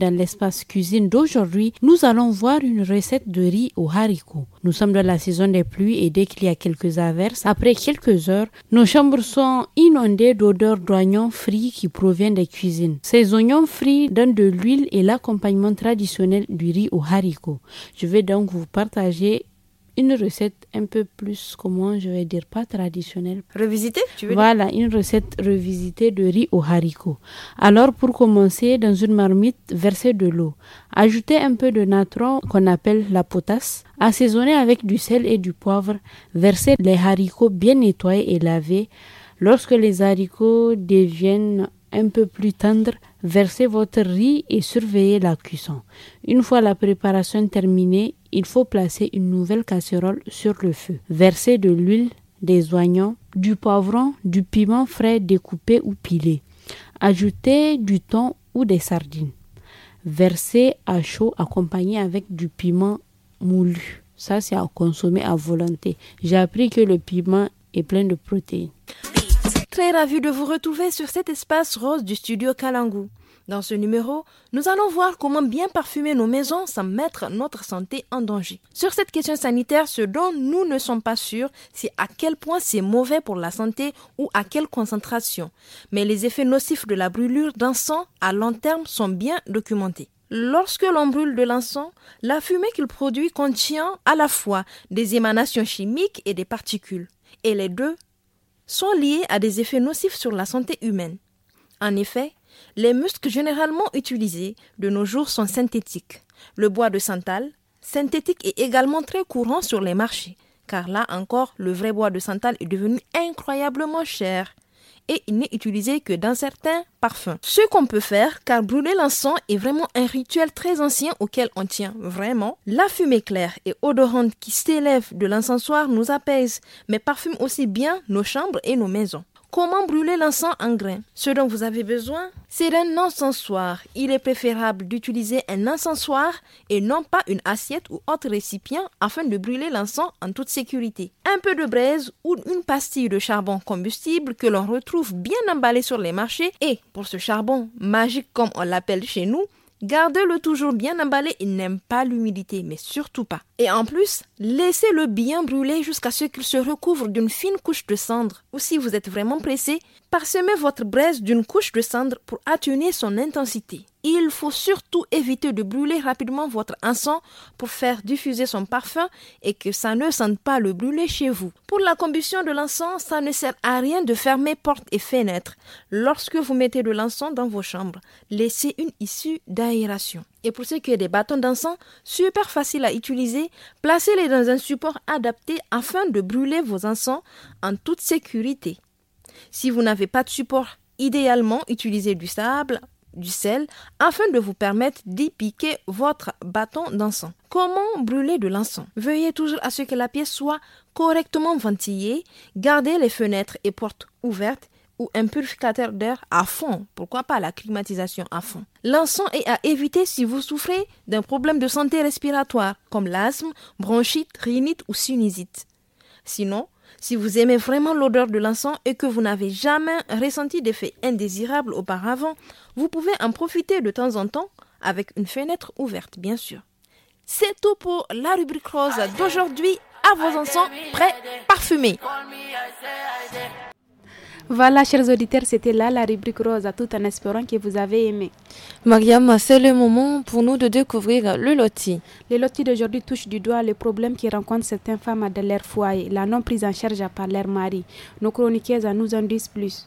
Speaker 16: Dans l'espace cuisine d'aujourd'hui, nous allons voir une recette de riz au haricot. Nous sommes dans la saison des pluies et dès qu'il y a quelques averses, après quelques heures, nos chambres sont inondées d'odeurs d'oignons frits qui proviennent des cuisines. Ces oignons frits donnent de l'huile et l'accompagnement traditionnel du riz au haricot. Je vais donc vous partager une recette un peu plus, comment je vais dire, pas traditionnelle. Revisitée, tu veux Voilà, une recette revisitée de riz aux haricots. Alors, pour commencer, dans une marmite, versez de l'eau. Ajoutez un peu de natron, qu'on appelle la potasse. Assaisonnez avec du sel et du poivre. Versez les haricots bien nettoyés et lavés. Lorsque les haricots deviennent un peu plus tendres, Versez votre riz et surveillez la cuisson. Une fois la préparation terminée, il faut placer une nouvelle casserole sur le feu. Versez de l'huile, des oignons, du poivron, du piment frais découpé ou pilé. Ajoutez du thon ou des sardines. Versez à chaud accompagné avec du piment moulu. Ça, c'est à consommer à volonté. J'ai appris que le piment est plein de protéines
Speaker 1: très ravie de vous retrouver sur cet espace rose du studio Kalangu. Dans ce numéro, nous allons voir comment bien parfumer nos maisons sans mettre notre santé en danger. Sur cette question sanitaire, ce dont nous ne sommes pas sûrs, c'est à quel point c'est mauvais pour la santé ou à quelle concentration. Mais les effets nocifs de la brûlure d'encens à long terme sont bien documentés. Lorsque l'on brûle de l'encens, la fumée qu'il produit contient à la fois des émanations chimiques et des particules, et les deux sont liés à des effets nocifs sur la santé humaine. En effet, les muscles généralement utilisés de nos jours sont synthétiques. Le bois de santal, synthétique, est également très courant sur les marchés, car là encore, le vrai bois de santal est devenu incroyablement cher et il n'est utilisé que dans certains parfums. Ce qu'on peut faire, car brûler l'encens est vraiment un rituel très ancien auquel on tient vraiment, la fumée claire et odorante qui s'élève de l'encensoir nous apaise, mais parfume aussi bien nos chambres et nos maisons. Comment brûler l'encens en grains Ce dont vous avez besoin, c'est d'un encensoir. Il est préférable d'utiliser un encensoir et non pas une assiette ou autre récipient afin de brûler l'encens en toute sécurité. Un peu de braise ou une pastille de charbon combustible que l'on retrouve bien emballée sur les marchés et, pour ce charbon magique comme on l'appelle chez nous, Gardez-le toujours bien emballé, il n'aime pas l'humidité, mais surtout pas. Et en plus, laissez-le bien brûler jusqu'à ce qu'il se recouvre d'une fine couche de cendre. Ou si vous êtes vraiment pressé, parsemez votre braise d'une couche de cendre pour atténuer son intensité. Il faut surtout éviter de brûler rapidement votre encens pour faire diffuser son parfum et que ça ne sente pas le brûler chez vous. Pour la combustion de l'encens, ça ne sert à rien de fermer portes et fenêtres. Lorsque vous mettez de l'encens dans vos chambres, laissez une issue d'aération. Et pour ce qui est des bâtons d'encens, super facile à utiliser, placez-les dans un support adapté afin de brûler vos encens en toute sécurité. Si vous n'avez pas de support, idéalement utilisez du sable, du sel afin de vous permettre d'y piquer votre bâton d'encens. Comment brûler de l'encens Veuillez toujours à ce que la pièce soit correctement ventilée, gardez les fenêtres et portes ouvertes ou un purificateur d'air à fond. Pourquoi pas la climatisation à fond L'encens est à éviter si vous souffrez d'un problème de santé respiratoire comme l'asthme, bronchite, rhinite ou sinusite. Sinon, si vous aimez vraiment l'odeur de l'encens et que vous n'avez jamais ressenti d'effet indésirable auparavant, vous pouvez en profiter de temps en temps avec une fenêtre ouverte, bien sûr. C'est tout pour la rubrique rose d'aujourd'hui. À vos enfants, prêts, parfumés.
Speaker 2: Voilà, chers auditeurs, c'était là la rubrique rose, tout en espérant que vous avez aimé.
Speaker 1: Mariam, c'est le moment pour
Speaker 2: nous de découvrir le loti. Le loti d'aujourd'hui touche du doigt les problèmes qui rencontrent certaines femmes dans leur foyer, la non prise en charge par leur mari. Nos chroniqueuses nous en disent plus.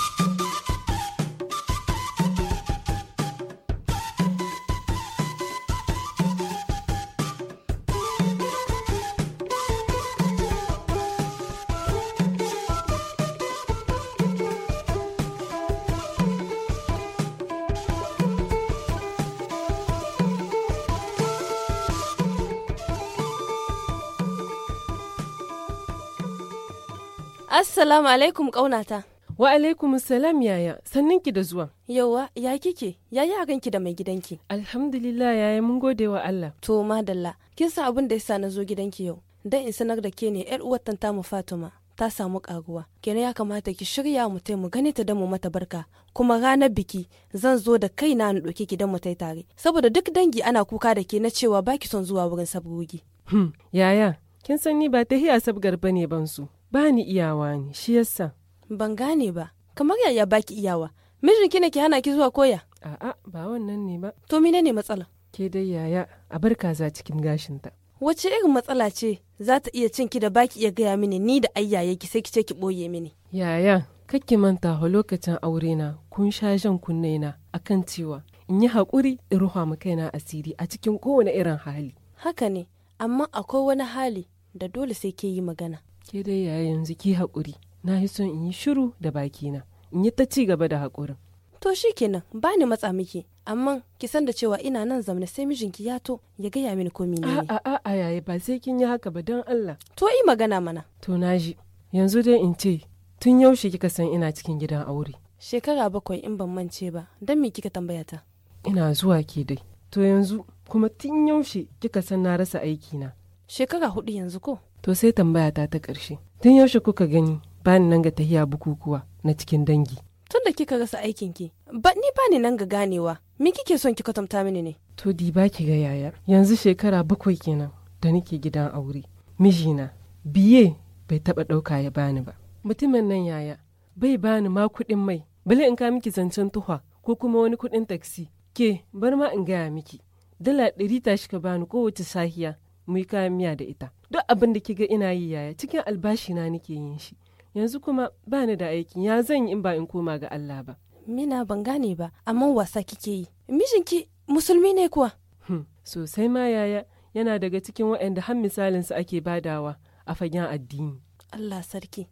Speaker 6: Assalamu alaikum ƙaunata. Wa alaikum salam yaya, sannan ki da zuwa.
Speaker 1: Yauwa, ya kike? ya a ganki da mai gidanki? Alhamdulillah yaya mun gode wa Allah. To madalla, kin san abin da yasa na zo gidanki yau. Dan in sanar da ke ne yar uwar mu Fatima ta samu karuwa. Kenan ya kamata ki shirya mu mu gani ta da mu mata barka. Kuma ranar biki zan zo da kai na ɗauki ki dan mu tai tare. Saboda duk dangi ana kuka da ke na cewa baki son zuwa wurin sabgogi. Hmm,
Speaker 6: yaya, kin san ni ba ta hiya sabgar bane ban su. bani iyawa ne shi yasa
Speaker 1: ban gane ba kamar yaya baki iyawa mijinki ne ke hana ki zuwa koya a'a ba wannan ne ba to mine ne matsala ke dai yaya
Speaker 6: a bar kaza cikin gashinta
Speaker 1: wace irin matsala ce za ta iya ki da baki iya gaya mini ni da ayyaye ki sai ki ce ki boye mini
Speaker 6: yaya kakki manta a lokacin aurena kun sha jan kunnena akan cewa in yi haƙuri in ruha mu kaina asiri a cikin
Speaker 1: kowane irin hali haka ne amma akwai wani hali
Speaker 6: da dole sai ke yi magana ke dai ya yanzu ki hakuri, na yi son in yi shiru da bakina in yi ta ci gaba da haƙurin
Speaker 1: to shi kenan ba ni matsa miki amma ki san da cewa ina nan zamna sai mijinki ya to ya gaya mini komi ne a a a yaye ba sai kin yi haka ba don Allah to yi magana mana
Speaker 6: to na ji, yanzu dai in ce tun yaushe kika san ina cikin gidan aure
Speaker 1: shekara bakwai in ban mance ba don me kika tambaya ta
Speaker 6: ina zuwa ke dai to yanzu kuma tun yaushe kika san na rasa aiki na
Speaker 1: shekara hudu yanzu ko
Speaker 6: To sai tambaya ta ta ƙarshe. Tun yaushe kuka gani bani nan ga tahiya bukukuwa na cikin dangi.
Speaker 1: Tun da kika rasa aikin ki, ba ni bani nan ga ganewa. Me kike son ki kwatanta mini ne?
Speaker 6: To di ba ki ga yaya. Yanzu shekara bakwai kenan da nake gidan aure. Mijina biye bai taɓa ɗauka ya bani ba. Mutumin nan yaya bai bani ma kuɗin mai. Bale in ka miki zancen tuhwa ko kuma wani kuɗin taksi. Ke bar ma in gaya miki. Dala ɗari ta shi ka bani kowace sahiya mu yi kayan miya da ita duk abin da ga ina yi yaya cikin
Speaker 1: albashi na nake yin shi
Speaker 6: yanzu kuma ba ni da aiki ya zan yi in ba in koma ga Allah ba
Speaker 1: mina ban gane ba amma wasa kike yi mijinki musulmi ne kuwa hmm,
Speaker 6: sosai ma yaya yana daga cikin waɗanda har misalin su ake badawa a fagen addini
Speaker 1: Allah sarki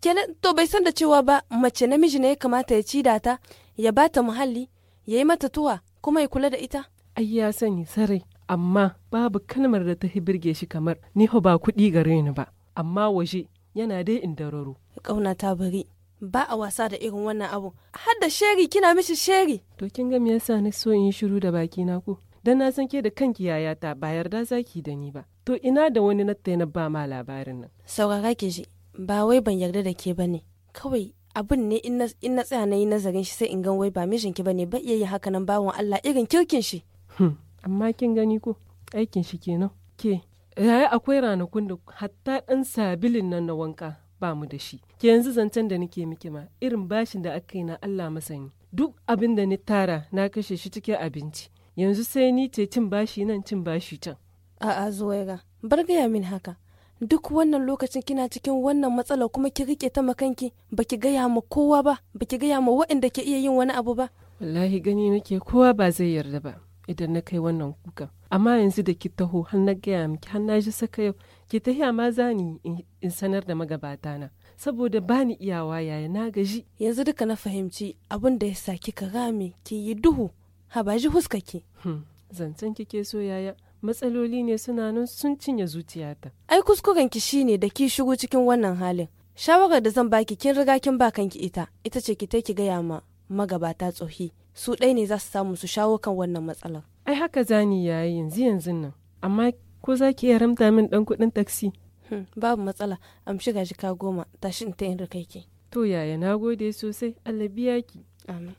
Speaker 1: kenan to bai san da cewa ba mace namiji ne ya kamata ya ci data ya bata muhalli ya yi mata tuwa kuma ya kula da ita ai ya sani sarai
Speaker 6: amma babu kalmar da ta birge shi kamar ni ba kuɗi gare ni ba amma waje yana dai in dararu kauna ta bari
Speaker 1: ba a wasa da irin wannan abu har da
Speaker 6: sheri kina mishi sheri. To kin ga me yasa ni so in yi shiru da baki na ku dan na san ke da kanki yayata ba yarda zaki da ni ba. To ina da wani na na ba ma labarin nan. Saurara ke
Speaker 1: ji ba wai ban yarda da ke bane kawai abin ne in na tsaya na yi nazarin shi sai in gan wai ba mijinki bane ba iya yi haka nan bawon Allah irin kirkin shi. Hmm. amma kin gani
Speaker 6: ko aikin shi kenan ke yayi akwai ranakun da hatta ɗan sabilin nan na wanka ba mu da shi ke yanzu zancen da nake miki ma irin bashin da aka yi na Allah masani duk abin da ni tara na kashe shi cikin abinci yanzu sai ni ce cin bashi nan cin bashi can
Speaker 1: a'a zuwaira bar gaya min haka duk wannan lokacin kina cikin wannan matsala kuma ki rike ta makanki baki gaya ma kowa ba baki gaya ma waɗanda ke iya yin wani abu ba
Speaker 6: wallahi gani nake kowa ba zai yarda ba idan na kai wannan kukan amma yanzu da ki taho har na gaya miki har na ji saka yau ki tahiya ma zani in sanar da magabata na saboda bani iyawa yaya na gaji yanzu duka na fahimci abin da
Speaker 1: ya sa kika rame ki yi duhu ha ba ji ki
Speaker 6: hmm, zancen kike so yaya matsaloli
Speaker 1: ne suna nan sun cinye
Speaker 6: zuciyata
Speaker 1: ai kuskuren ki shine da ki shigo cikin wannan halin shawarar da zan baki kin riga kin ba kanki ita ita ce ki ta ki gaya ma magabata tsohi su ɗai ne za su samu su shawo kan wannan matsalar.
Speaker 6: Ai haka zani ya yi yanzu yanzu nan, amma ko za ki iya ramta min ɗan kuɗin taksi?
Speaker 1: Hmm, babu matsala, amshi shiga ka goma, tashi in ta yin ke.
Speaker 6: To yaya na gode sosai, Allah biya ki. Amin.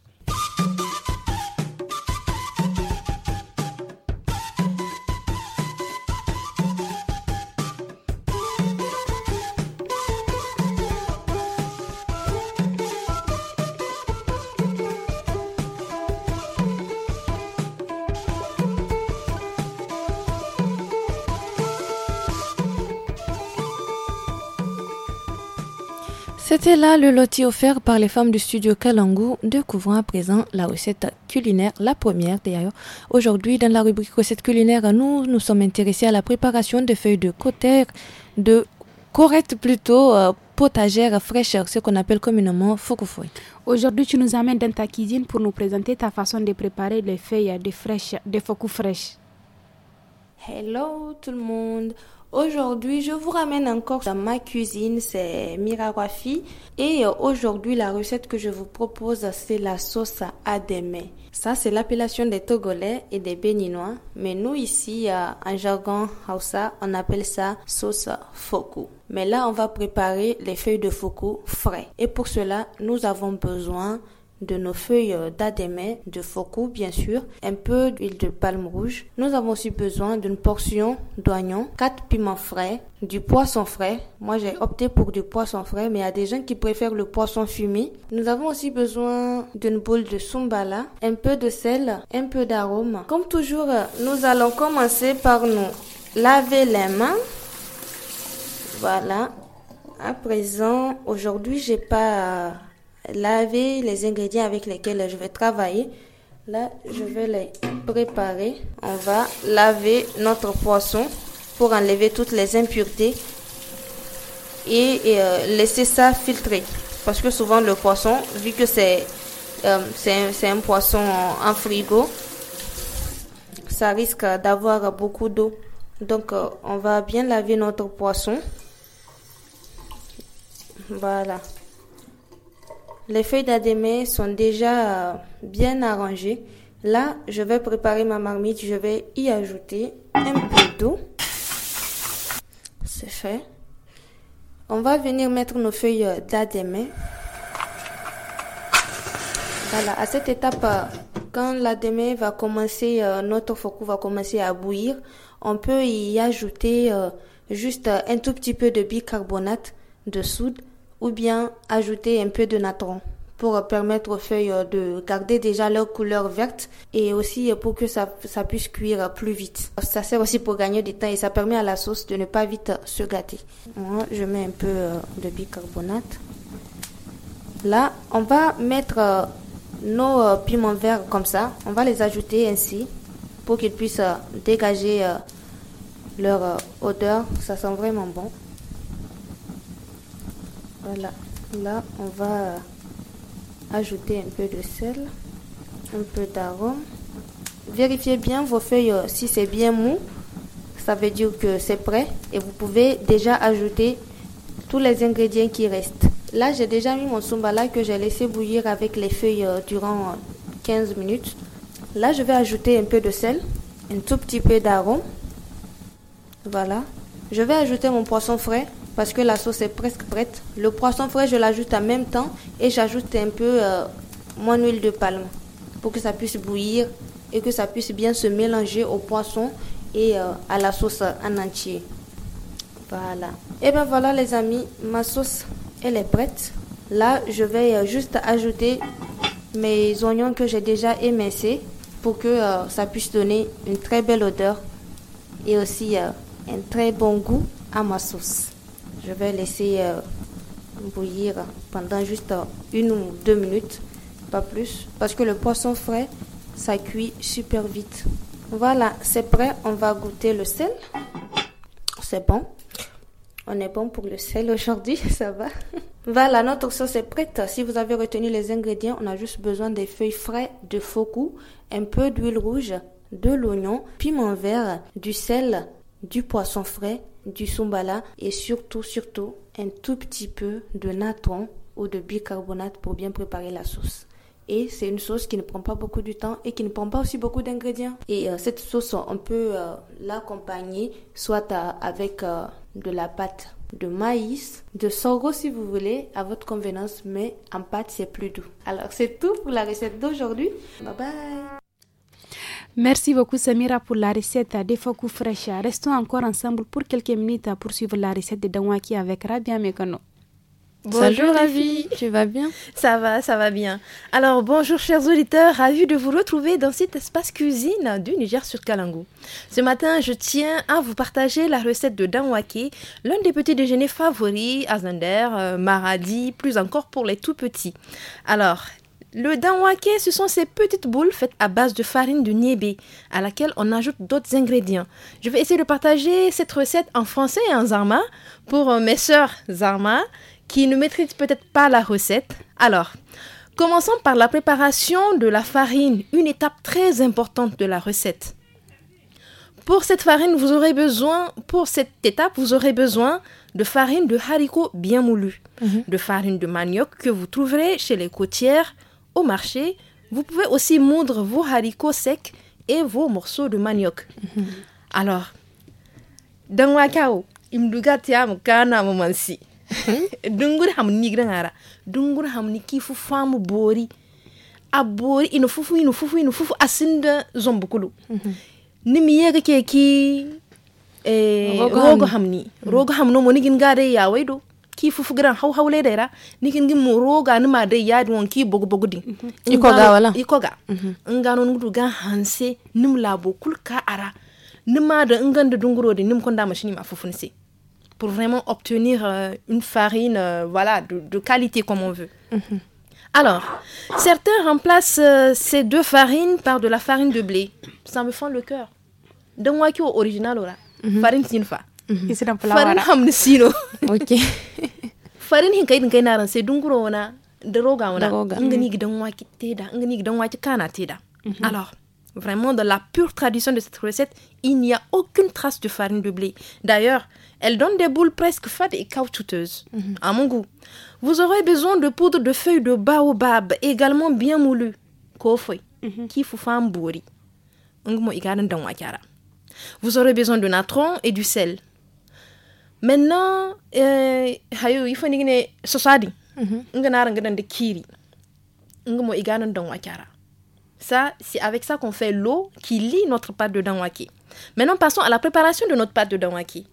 Speaker 1: C'était là le loti offert par les femmes du studio Kalangu. découvrant à présent la recette culinaire, la première d'ailleurs. Aujourd'hui, dans la rubrique recette culinaire, nous nous sommes intéressés à la préparation de feuilles de cotère, de corette plutôt, euh, potagère fraîcheur, ce qu'on appelle communément fukufui.
Speaker 2: Aujourd'hui, tu nous amènes dans ta cuisine pour nous présenter ta façon de préparer les feuilles de, fraîche, de fraîche.
Speaker 1: Hello tout le monde! Aujourd'hui, je vous ramène encore dans ma cuisine, c'est Mirawafi. Et euh, aujourd'hui, la recette que je vous propose, c'est la sauce à ademé. Ça, c'est l'appellation des Togolais et des Béninois. Mais nous, ici, euh, en jargon Hausa, on appelle ça sauce foku. Mais là, on va préparer les feuilles de foku frais. Et pour cela, nous avons besoin de nos feuilles euh, d'adémé, de Fokou bien sûr, un peu d'huile de palme rouge. Nous avons aussi besoin d'une portion d'oignon, 4 piments frais, du poisson frais. Moi j'ai opté pour du poisson frais, mais il y a des gens qui préfèrent le poisson fumé. Nous avons aussi besoin d'une boule de sombala, un peu de sel, un peu d'arôme. Comme toujours, nous allons commencer par nous laver les mains. Voilà. À présent, aujourd'hui, j'ai pas laver les ingrédients avec lesquels je vais travailler. Là, je vais les préparer. On va laver notre poisson pour enlever toutes les impuretés et, euh, laisser ça filtrer. Parce que souvent le poisson, vu que c'est euh, c'est un, poisson en, frigo, ça risque d'avoir beaucoup d'eau. Donc euh, on va bien laver notre poisson. Voilà. Les feuilles d'adémé sont déjà euh, bien arrangées. Là, je vais préparer ma marmite. Je vais y ajouter un peu d'eau. C'est fait. On va venir mettre nos feuilles euh, d'adémé. Voilà, à cette étape, euh, quand l'adémé va commencer, notre foku va commencer à bouillir, on peut y ajouter juste un tout petit peu de bicarbonate de soude ou bien ajouter un peu de natron pour permettre aux feuilles euh, de garder déjà leur couleur verte et aussi euh, pour que ça, ça puisse cuire plus vite. Ça sert aussi pour gagner du temps et ça permet à la sauce de ne pas vite se gâter. Je mets un peu euh, de bicarbonate. Là, on va mettre nos piments verts comme ça. On va les ajouter ainsi pour qu'ils puissent dégager leur odeur. Ça sent vraiment bon voilà là on va ajouter un peu de sel un peu d'arôme vérifiez bien vos feuilles euh, si c'est bien mou ça veut dire que c'est prêt et vous pouvez déjà ajouter tous les ingrédients qui restent là j'ai déjà mis mon sombala que j'ai laissé bouillir avec les feuilles euh, durant 15 euh, minutes là je vais ajouter un peu de sel un tout petit peu d'arôme voilà je vais ajouter mon poisson frais parce que la sauce est presque prête. Le poisson frais, je l'ajoute en même temps et j'ajoute un peu euh, mon huile de palme pour que ça puisse bouillir et que ça puisse bien se mélanger au poisson et euh, à la sauce en entier. Voilà. Et eh bien voilà les amis, ma sauce, elle est prête. Là, je vais euh, juste ajouter mes oignons que j'ai déjà émincés pour que ça puisse donner une très belle odeur et aussi un très bon goût à ma sauce. Je vais laisser euh, bouillir pendant juste une ou deux minutes, pas plus, parce que le poisson frais, ça cuit super vite. Voilà, c'est prêt. On va goûter le sel. C'est bon. On est bon pour le sel aujourd'hui, [laughs] ça va. voilà, notre sauce est prête. Si vous avez retenu les ingrédients, on a juste besoin des feuilles fraîches de faucou un peu d'huile rouge, de l'oignon, piment vert, du sel, du poisson frais du sombala et surtout, surtout, un tout petit peu de natron ou de bicarbonate pour bien préparer la sauce. Et c'est une sauce qui ne prend pas beaucoup de temps et qui ne prend pas aussi beaucoup d'ingrédients. Et euh, cette sauce, euh, on peut euh, l'accompagner soit avec de la pâte de maïs, de sorgho si vous voulez, à votre convenance, mais en pâte c'est plus doux. Alors c'est tout pour la recette d'aujourd'hui.
Speaker 2: Bye bye Merci beaucoup Samira pour la recette des focou fraîches. Restons encore ensemble pour quelques minutes à poursuivre la recette de Danwaki avec Rabia Mekano.
Speaker 6: Bonjour
Speaker 1: Ravi,
Speaker 2: tu vas bien Ça va, ça va bien. Alors bonjour
Speaker 1: chers auditeurs, ravi de vous retrouver dans cet espace cuisine du Niger sur Kalango. Ce matin, je tiens à vous partager la recette de Danwaki, l'un des petits déjeuners favoris à Zander, euh, Maradi, plus encore pour les tout petits. Alors, le danwake, ce sont ces petites boules faites à base de farine de niébé, à laquelle on ajoute d'autres ingrédients. Je vais essayer de partager cette recette en français et en hein, zarma pour euh, mes sœurs zarma qui ne maîtrisent peut-être pas la recette. Alors, commençons par la préparation de la farine, une étape très importante de la recette. Pour cette farine, vous aurez besoin, pour cette étape, vous aurez besoin de farine de haricots bien moulu, mhm. de farine de manioc que vous trouverez chez les côtières, au marché, vous pouvez aussi moudre vos haricots secs et vos morceaux de manioc. Mhm. Alors, dans wakao, imduga kana mamansi. Mhm. [laughs] Dungur hamni grangara. Dungur hamni kifu famu bori. A bori ino fufu ino fufu ino fufu asinda zombukulu. Mm Nimi yega ki eh, rogo hamni. Rogo hamno monigin gare ya waido ki gran haw haw ledera nikin gi ni nima de yadi won ki bogu bogu din mhm. ikoga wala ikoga ga -hmm. ngano ngudu ga hanse nim labo kulka ara nima da nganda dunguro de nim konda mashini ma fufunse pour vraiment obtenir euh, une farine euh, voilà de, de, qualité comme on veut mhm. alors certains remplacent euh, ces deux farines par de la farine de blé ça me fend le cœur de moi qui original là mhm. farine sinfa alors vraiment dans la pure tradition de cette recette, il n'y a aucune trace de farine de blé. D'ailleurs, elle donne des boules presque fades et caoutchouteuses, mhm. à mon goût. Vous aurez besoin de poudre de feuilles de baobab, également bien moulues. Mhm. qui Vous aurez besoin de natron et du sel maintenant eh, hayo sosadi On mhm. va nga kiri ça c'est avec ça qu'on fait l'eau qui lie notre pâte de danwaki maintenant passons à la préparation de notre pâte de danwaki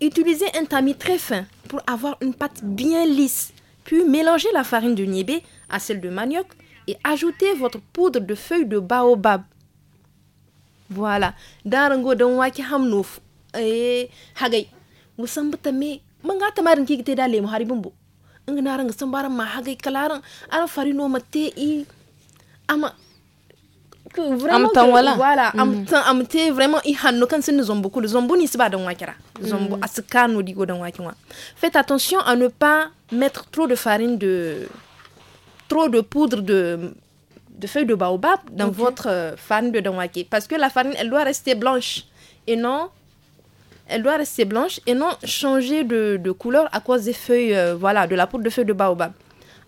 Speaker 1: utilisez un tamis très fin pour avoir une pâte bien lisse puis mélangez la farine de niébé à celle de manioc et ajoutez votre poudre de feuilles de baobab voilà darango danwaki hamnof hagay ngu sambata me manga tamarin ki gite da lemu hari bumbu nga naran ngu sambaran ma hagai kalaran ara fari no mate i ama
Speaker 2: vraiment que, wala voilà mm. am
Speaker 1: tan am te vraiment i hanno kan sin zombu kul zombu ni siba dan wakira zombu mm. askano digo dan wakinwa faites attention à ne pas mettre trop de farine de trop de poudre de de feuilles de baobab dans okay. votre euh, farine de danwake parce que la farine elle doit rester blanche et non elle doit rester blanche et non changer de, de couleur à cause des feuilles, euh, voilà, de la poudre de feuilles de baobab.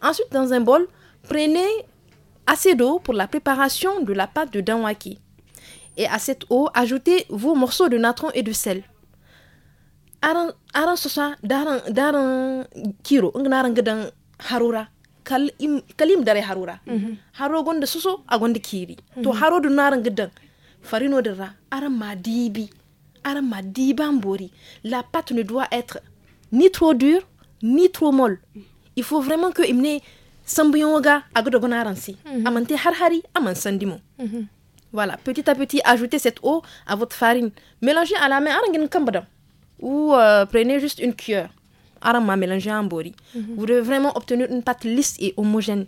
Speaker 1: Ensuite, dans un bol, prenez assez d'eau pour la préparation de la pâte de danwaki. Et à cette eau, ajoutez vos morceaux de natron et de sel. aran sosa daran daran kiro ngaran gadan harura kalim kalim dare harura mhm. haro gonde soso agonde kiri to mhm. haro du naran gadan farino dira aran madibi la pâte ne doit être ni trop dure, ni trop molle. Il faut vraiment que imne sambuyonga agodogona mhm. Amante harhari, aman sandimo. Mhm. Voilà, petit à petit, ajoutez cette eau à votre farine. Mélangez à la main, Ou euh, prenez juste une cuillère. Arama mélangez en mhm. Vous devez vraiment obtenir une pâte lisse et homogène.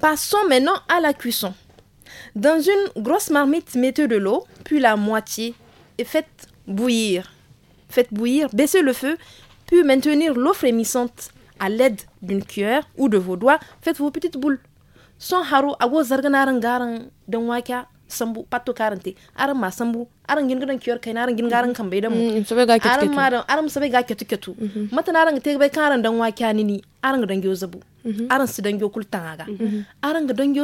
Speaker 1: Passons maintenant à la cuisson. Dans une grosse marmite, mettez de l'eau, puis la moitié faites bouillir. Faites bouillir, baissez le feu, puis maintenir l'eau frémissante à l'aide d'une cuillère ou de vos doigts. Faites vos petites boules. Son haro ago vos garan don waka sambu patto karante aran ma sambu aran gin gidan kiyar kai aran gin garan mm-hmm. kan bai da mu mm-hmm. sabai ga ketu aran ga ketu ketu mm-hmm. mata aran te karan dan waka nini aran gidan gyo zabu aran si dan gyo kultanga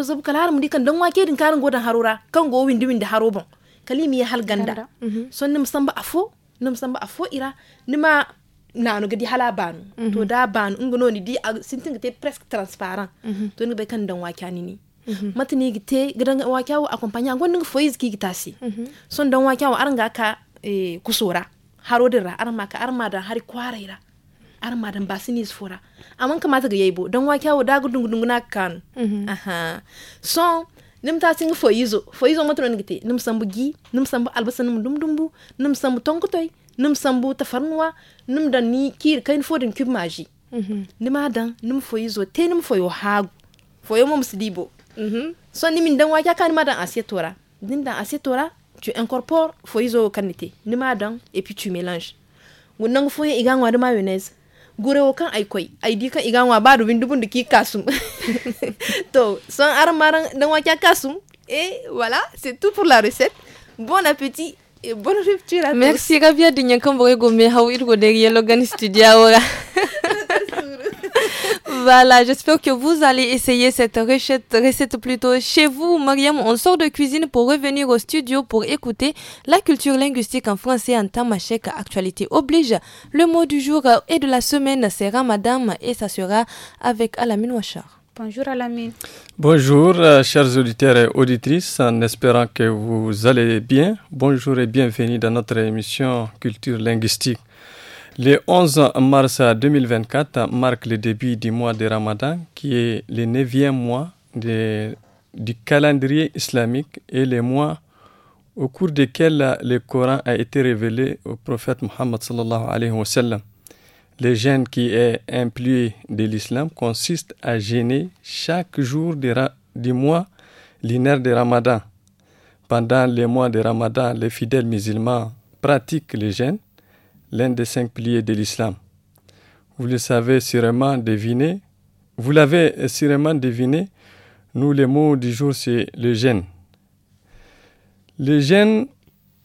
Speaker 1: zabu kala dan wake din karan godan harora kan go windi windi haroban kalimi ya hal ganda mhm. mhm. son nim samba afo nim samba afo ira nima nanu gadi hala banu mhm. to da banu ngono ni di sintin gate presque transparent to ni be kan dan waka ni ni matini gite gidan waka wa accompagner ngon ngi foiz ki gitasi son dan waka wa aranga ka e, kusura harodira arma ka arma da har kwaraira arma dan basinis fora amman kamata ga yebo dan waka wa da kan aha son nim ta singa fo yizo fo yizo matro sambu gi nim sambu albasa nim nim sambu nim sambu nim dan ni kir kain fo din maji mhm. nima dan nim fo yizo yo hagu mhm. so nimin dan wa kan dan asietora dan to tu incorpores fo yizo kanite nima dan et puis tu mélanges fo gurewo kan ai koi di kan igan wa baru bin dubun diki kasum [laughs] to son armaran dan wa kasum et voilà c'est tout pour la recette bon appétit et bonne rupture à Merci tous. Merci Rabia de Nyankamborego Mehawir Goderielo Gan Studio. [laughs] Voilà, j'espère que vous allez essayer cette recette, plutôt chez vous. Mariam, on sort de cuisine pour revenir au studio pour écouter la culture linguistique en français en tamashek, actualité oblige. Le mot du jour et de la semaine, sera Madame et ça sera avec Alamine Ouachar. Bonjour
Speaker 2: Alamine.
Speaker 15: Bonjour euh, chers auditeurs et auditrices, en espérant que vous allez bien. Bonjour et bienvenue dans notre émission Culture linguistique. Le 11 mars 2024 marque le début du mois de Ramadan, qui est le neuvième mois du calendrier islamique et le mois au cours desquels le Coran a été révélé au prophète Muhammad Le jeûne qui est impliqué de l'islam consiste à gêner chaque jour du mois lunaire de Ramadan. Pendant les mois de Ramadan, les fidèles musulmans pratiquent le jeûne l'un des cinq piliers de l'islam. Vous le savez sûrement deviné, vous l'avez sûrement deviné, nous le mot du jour c'est le jeûne. Le jeûne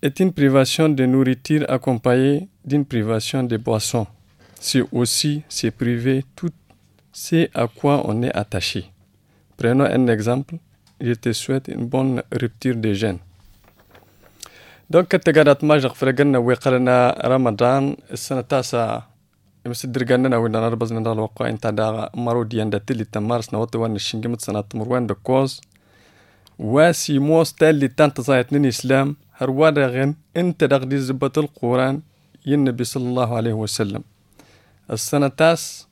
Speaker 15: est une privation de nourriture accompagnée d'une privation de boissons. C'est aussi c'est priver tout ce à quoi on est attaché. Prenons un exemple. Je te souhaite une bonne rupture de jeûne. دونك التقارات ماجق فرقنا ويقرنا رمضان السنة التاسعة يمس قالنا وين نربز نضال من الوقع انت دا ديان دا تلي تمارس نوطي وان الشنجمت سنة مروان دكوز واسي موس تالي تانت نين اسلام هروادا غن انت دغدي زبط القرآن ينبي صلى الله عليه وسلم السنة تاس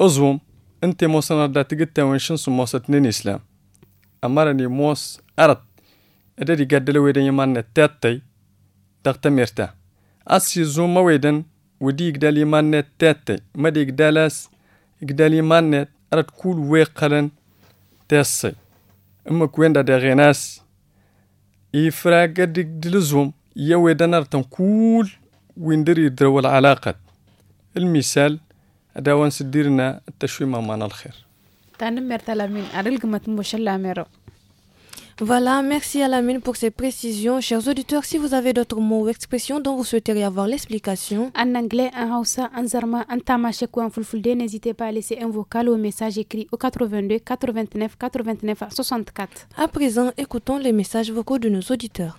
Speaker 15: أزوم انت موسنا دا تقتا وين شنسو موس اتنين اسلام امارني موس ارت ددي قدل ويدن يمان تاتي تغتا ميرتا أسي زوم ما ويدن ودي قدل يمان تاتي ما دي قدل أس قدل يمان أرد كل ويقلن تاسي أما كوين دا دي غيناس إفرا قد قدل زوم يويدن أرتن كل ويندري درو العلاقة المثال أداوان سديرنا التشويمة مان الخير
Speaker 2: تانم مرتلا من أرلقمت مبشلة ميرو
Speaker 1: Voilà, merci à la mine pour ces précisions. Chers auditeurs, si vous avez d'autres mots
Speaker 2: ou expressions dont vous souhaiteriez avoir l'explication, en anglais, en hausa, en zarma, en tamashek ou en fulfulde, n'hésitez pas à laisser un vocal ou un message écrit au 82 89 89 64. À présent, écoutons les messages vocaux de nos auditeurs.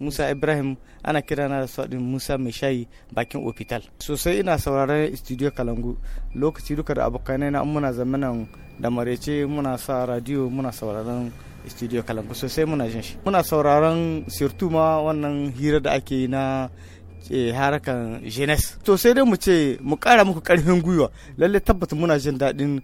Speaker 17: musa ibrahim ana kirana da sadin musa mai shayi bakin ofital sosai ina sauraron studio kalangu lokaci duka da abokanai na muna zamanan da marece muna sa radio muna sauraron studio kalangu sosai muna jin shi muna sauraron sirtu ma wannan hira da ake yi na eh, harakan jenes to sai dai mu ce mu kara muku karfin gwiwa lalle tabbata muna jin daɗin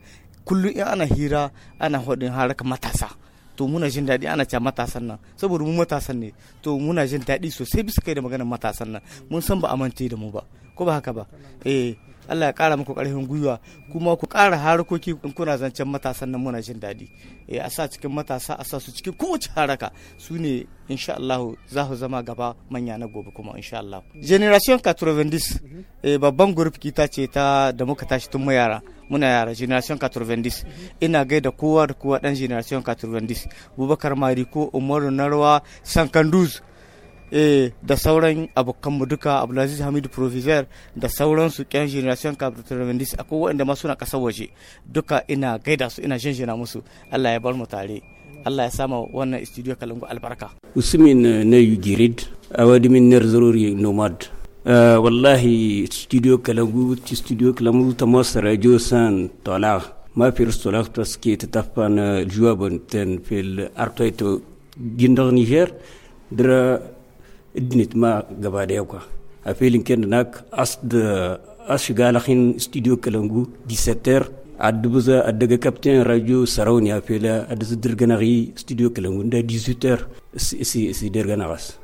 Speaker 17: kullum in ana hira ana haɗin haraka matasa to muna jin daɗi ana cewa matasan nan saboda mu matasan ne to muna jin daɗi sosai bisa kai da maganar matasan nan mun san ba amince da mu ba ko ba haka ba eh Allah ya kara muku karfin gwiwa kuma ku kara harkoki in kuna zancen matasan nan muna jin daɗi eh a sa cikin matasa a sa su cikin kowace haraka su ne insha Allah za su zama gaba manya na gobe kuma insha Allah generation 90 eh babban group kita ce ta da muka tashi tun mu yara muna yara generation 90 ina gaida kowa da kowa dan generation 90 bubakar mariko umaru narwa sankanduz eh, da sauran abokanmu duka abdulaziz hamidu provisor da su kyan generation 90 akwai waɗanda ma na ƙasar waje duka ina gaida su ina jinjina musu allah ya bar mu tare allah ya sama wannan studio kalungu albarka
Speaker 18: usmin eh, na girid awadimin wadimin nomad آه والله استوديو كلامو استوديو كلامو تماس راديو سان طلع ما في رسول تسكي تتفن جواب تن في الارتويتو جندر نيجر در ادنت ما قباديوكا افيلين كان هناك اصد اشغال خين استوديو كلامو 17 عدبزا أدقى كابتن راديو سراوني أفيلا أدز درجنا غي استوديو كلامو 18 سي سي درجنا غاس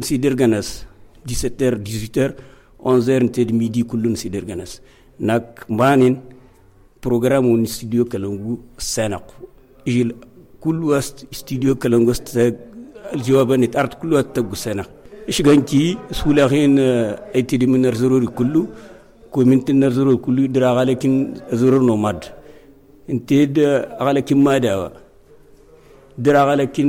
Speaker 18: نسيدر غنس 17h 18h 11h نتد ميدي كلو نسيدر غنس ناك مانين بروغرام استوديو studio سانق جيل كل واست استوديو كلونغو است الجواب نت ارت كل واست تغو سانق اش غنتي سولاخين ايتدي من زروري كلو كومنت نرزرو كلو درا غالكن زرور نوماد انتد غالكن ما داوا درا غالكن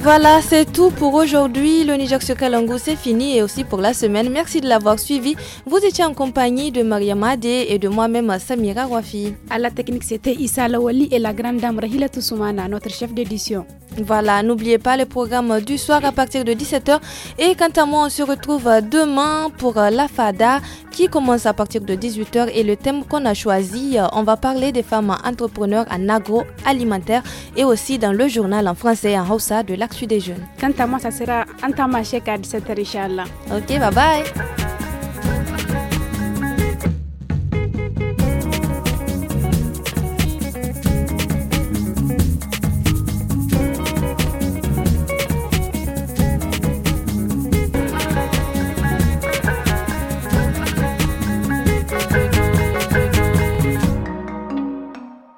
Speaker 1: Voilà, c'est tout pour aujourd'hui. Le Niger c'est fini et aussi pour la semaine. Merci de l'avoir suivi. Vous étiez en compagnie de Maria Adé et de moi-même Samira Wafi. À la technique, c'était Issa Lawali et la grande dame Rahila Toussoumana, notre chef d'édition. Voilà, n'oubliez pas le programme du soir à partir de 17h. Et quant à moi, on se retrouve demain pour euh, la FADA qui commence à partir de 18h. Et le thème qu'on a choisi, euh, on va parler des femmes entrepreneurs en agroalimentaire et aussi dans le journal en français en Hausa de l'Actu des jeunes. Quant
Speaker 2: à moi, ça sera Antama à 17h, Ok, bye bye.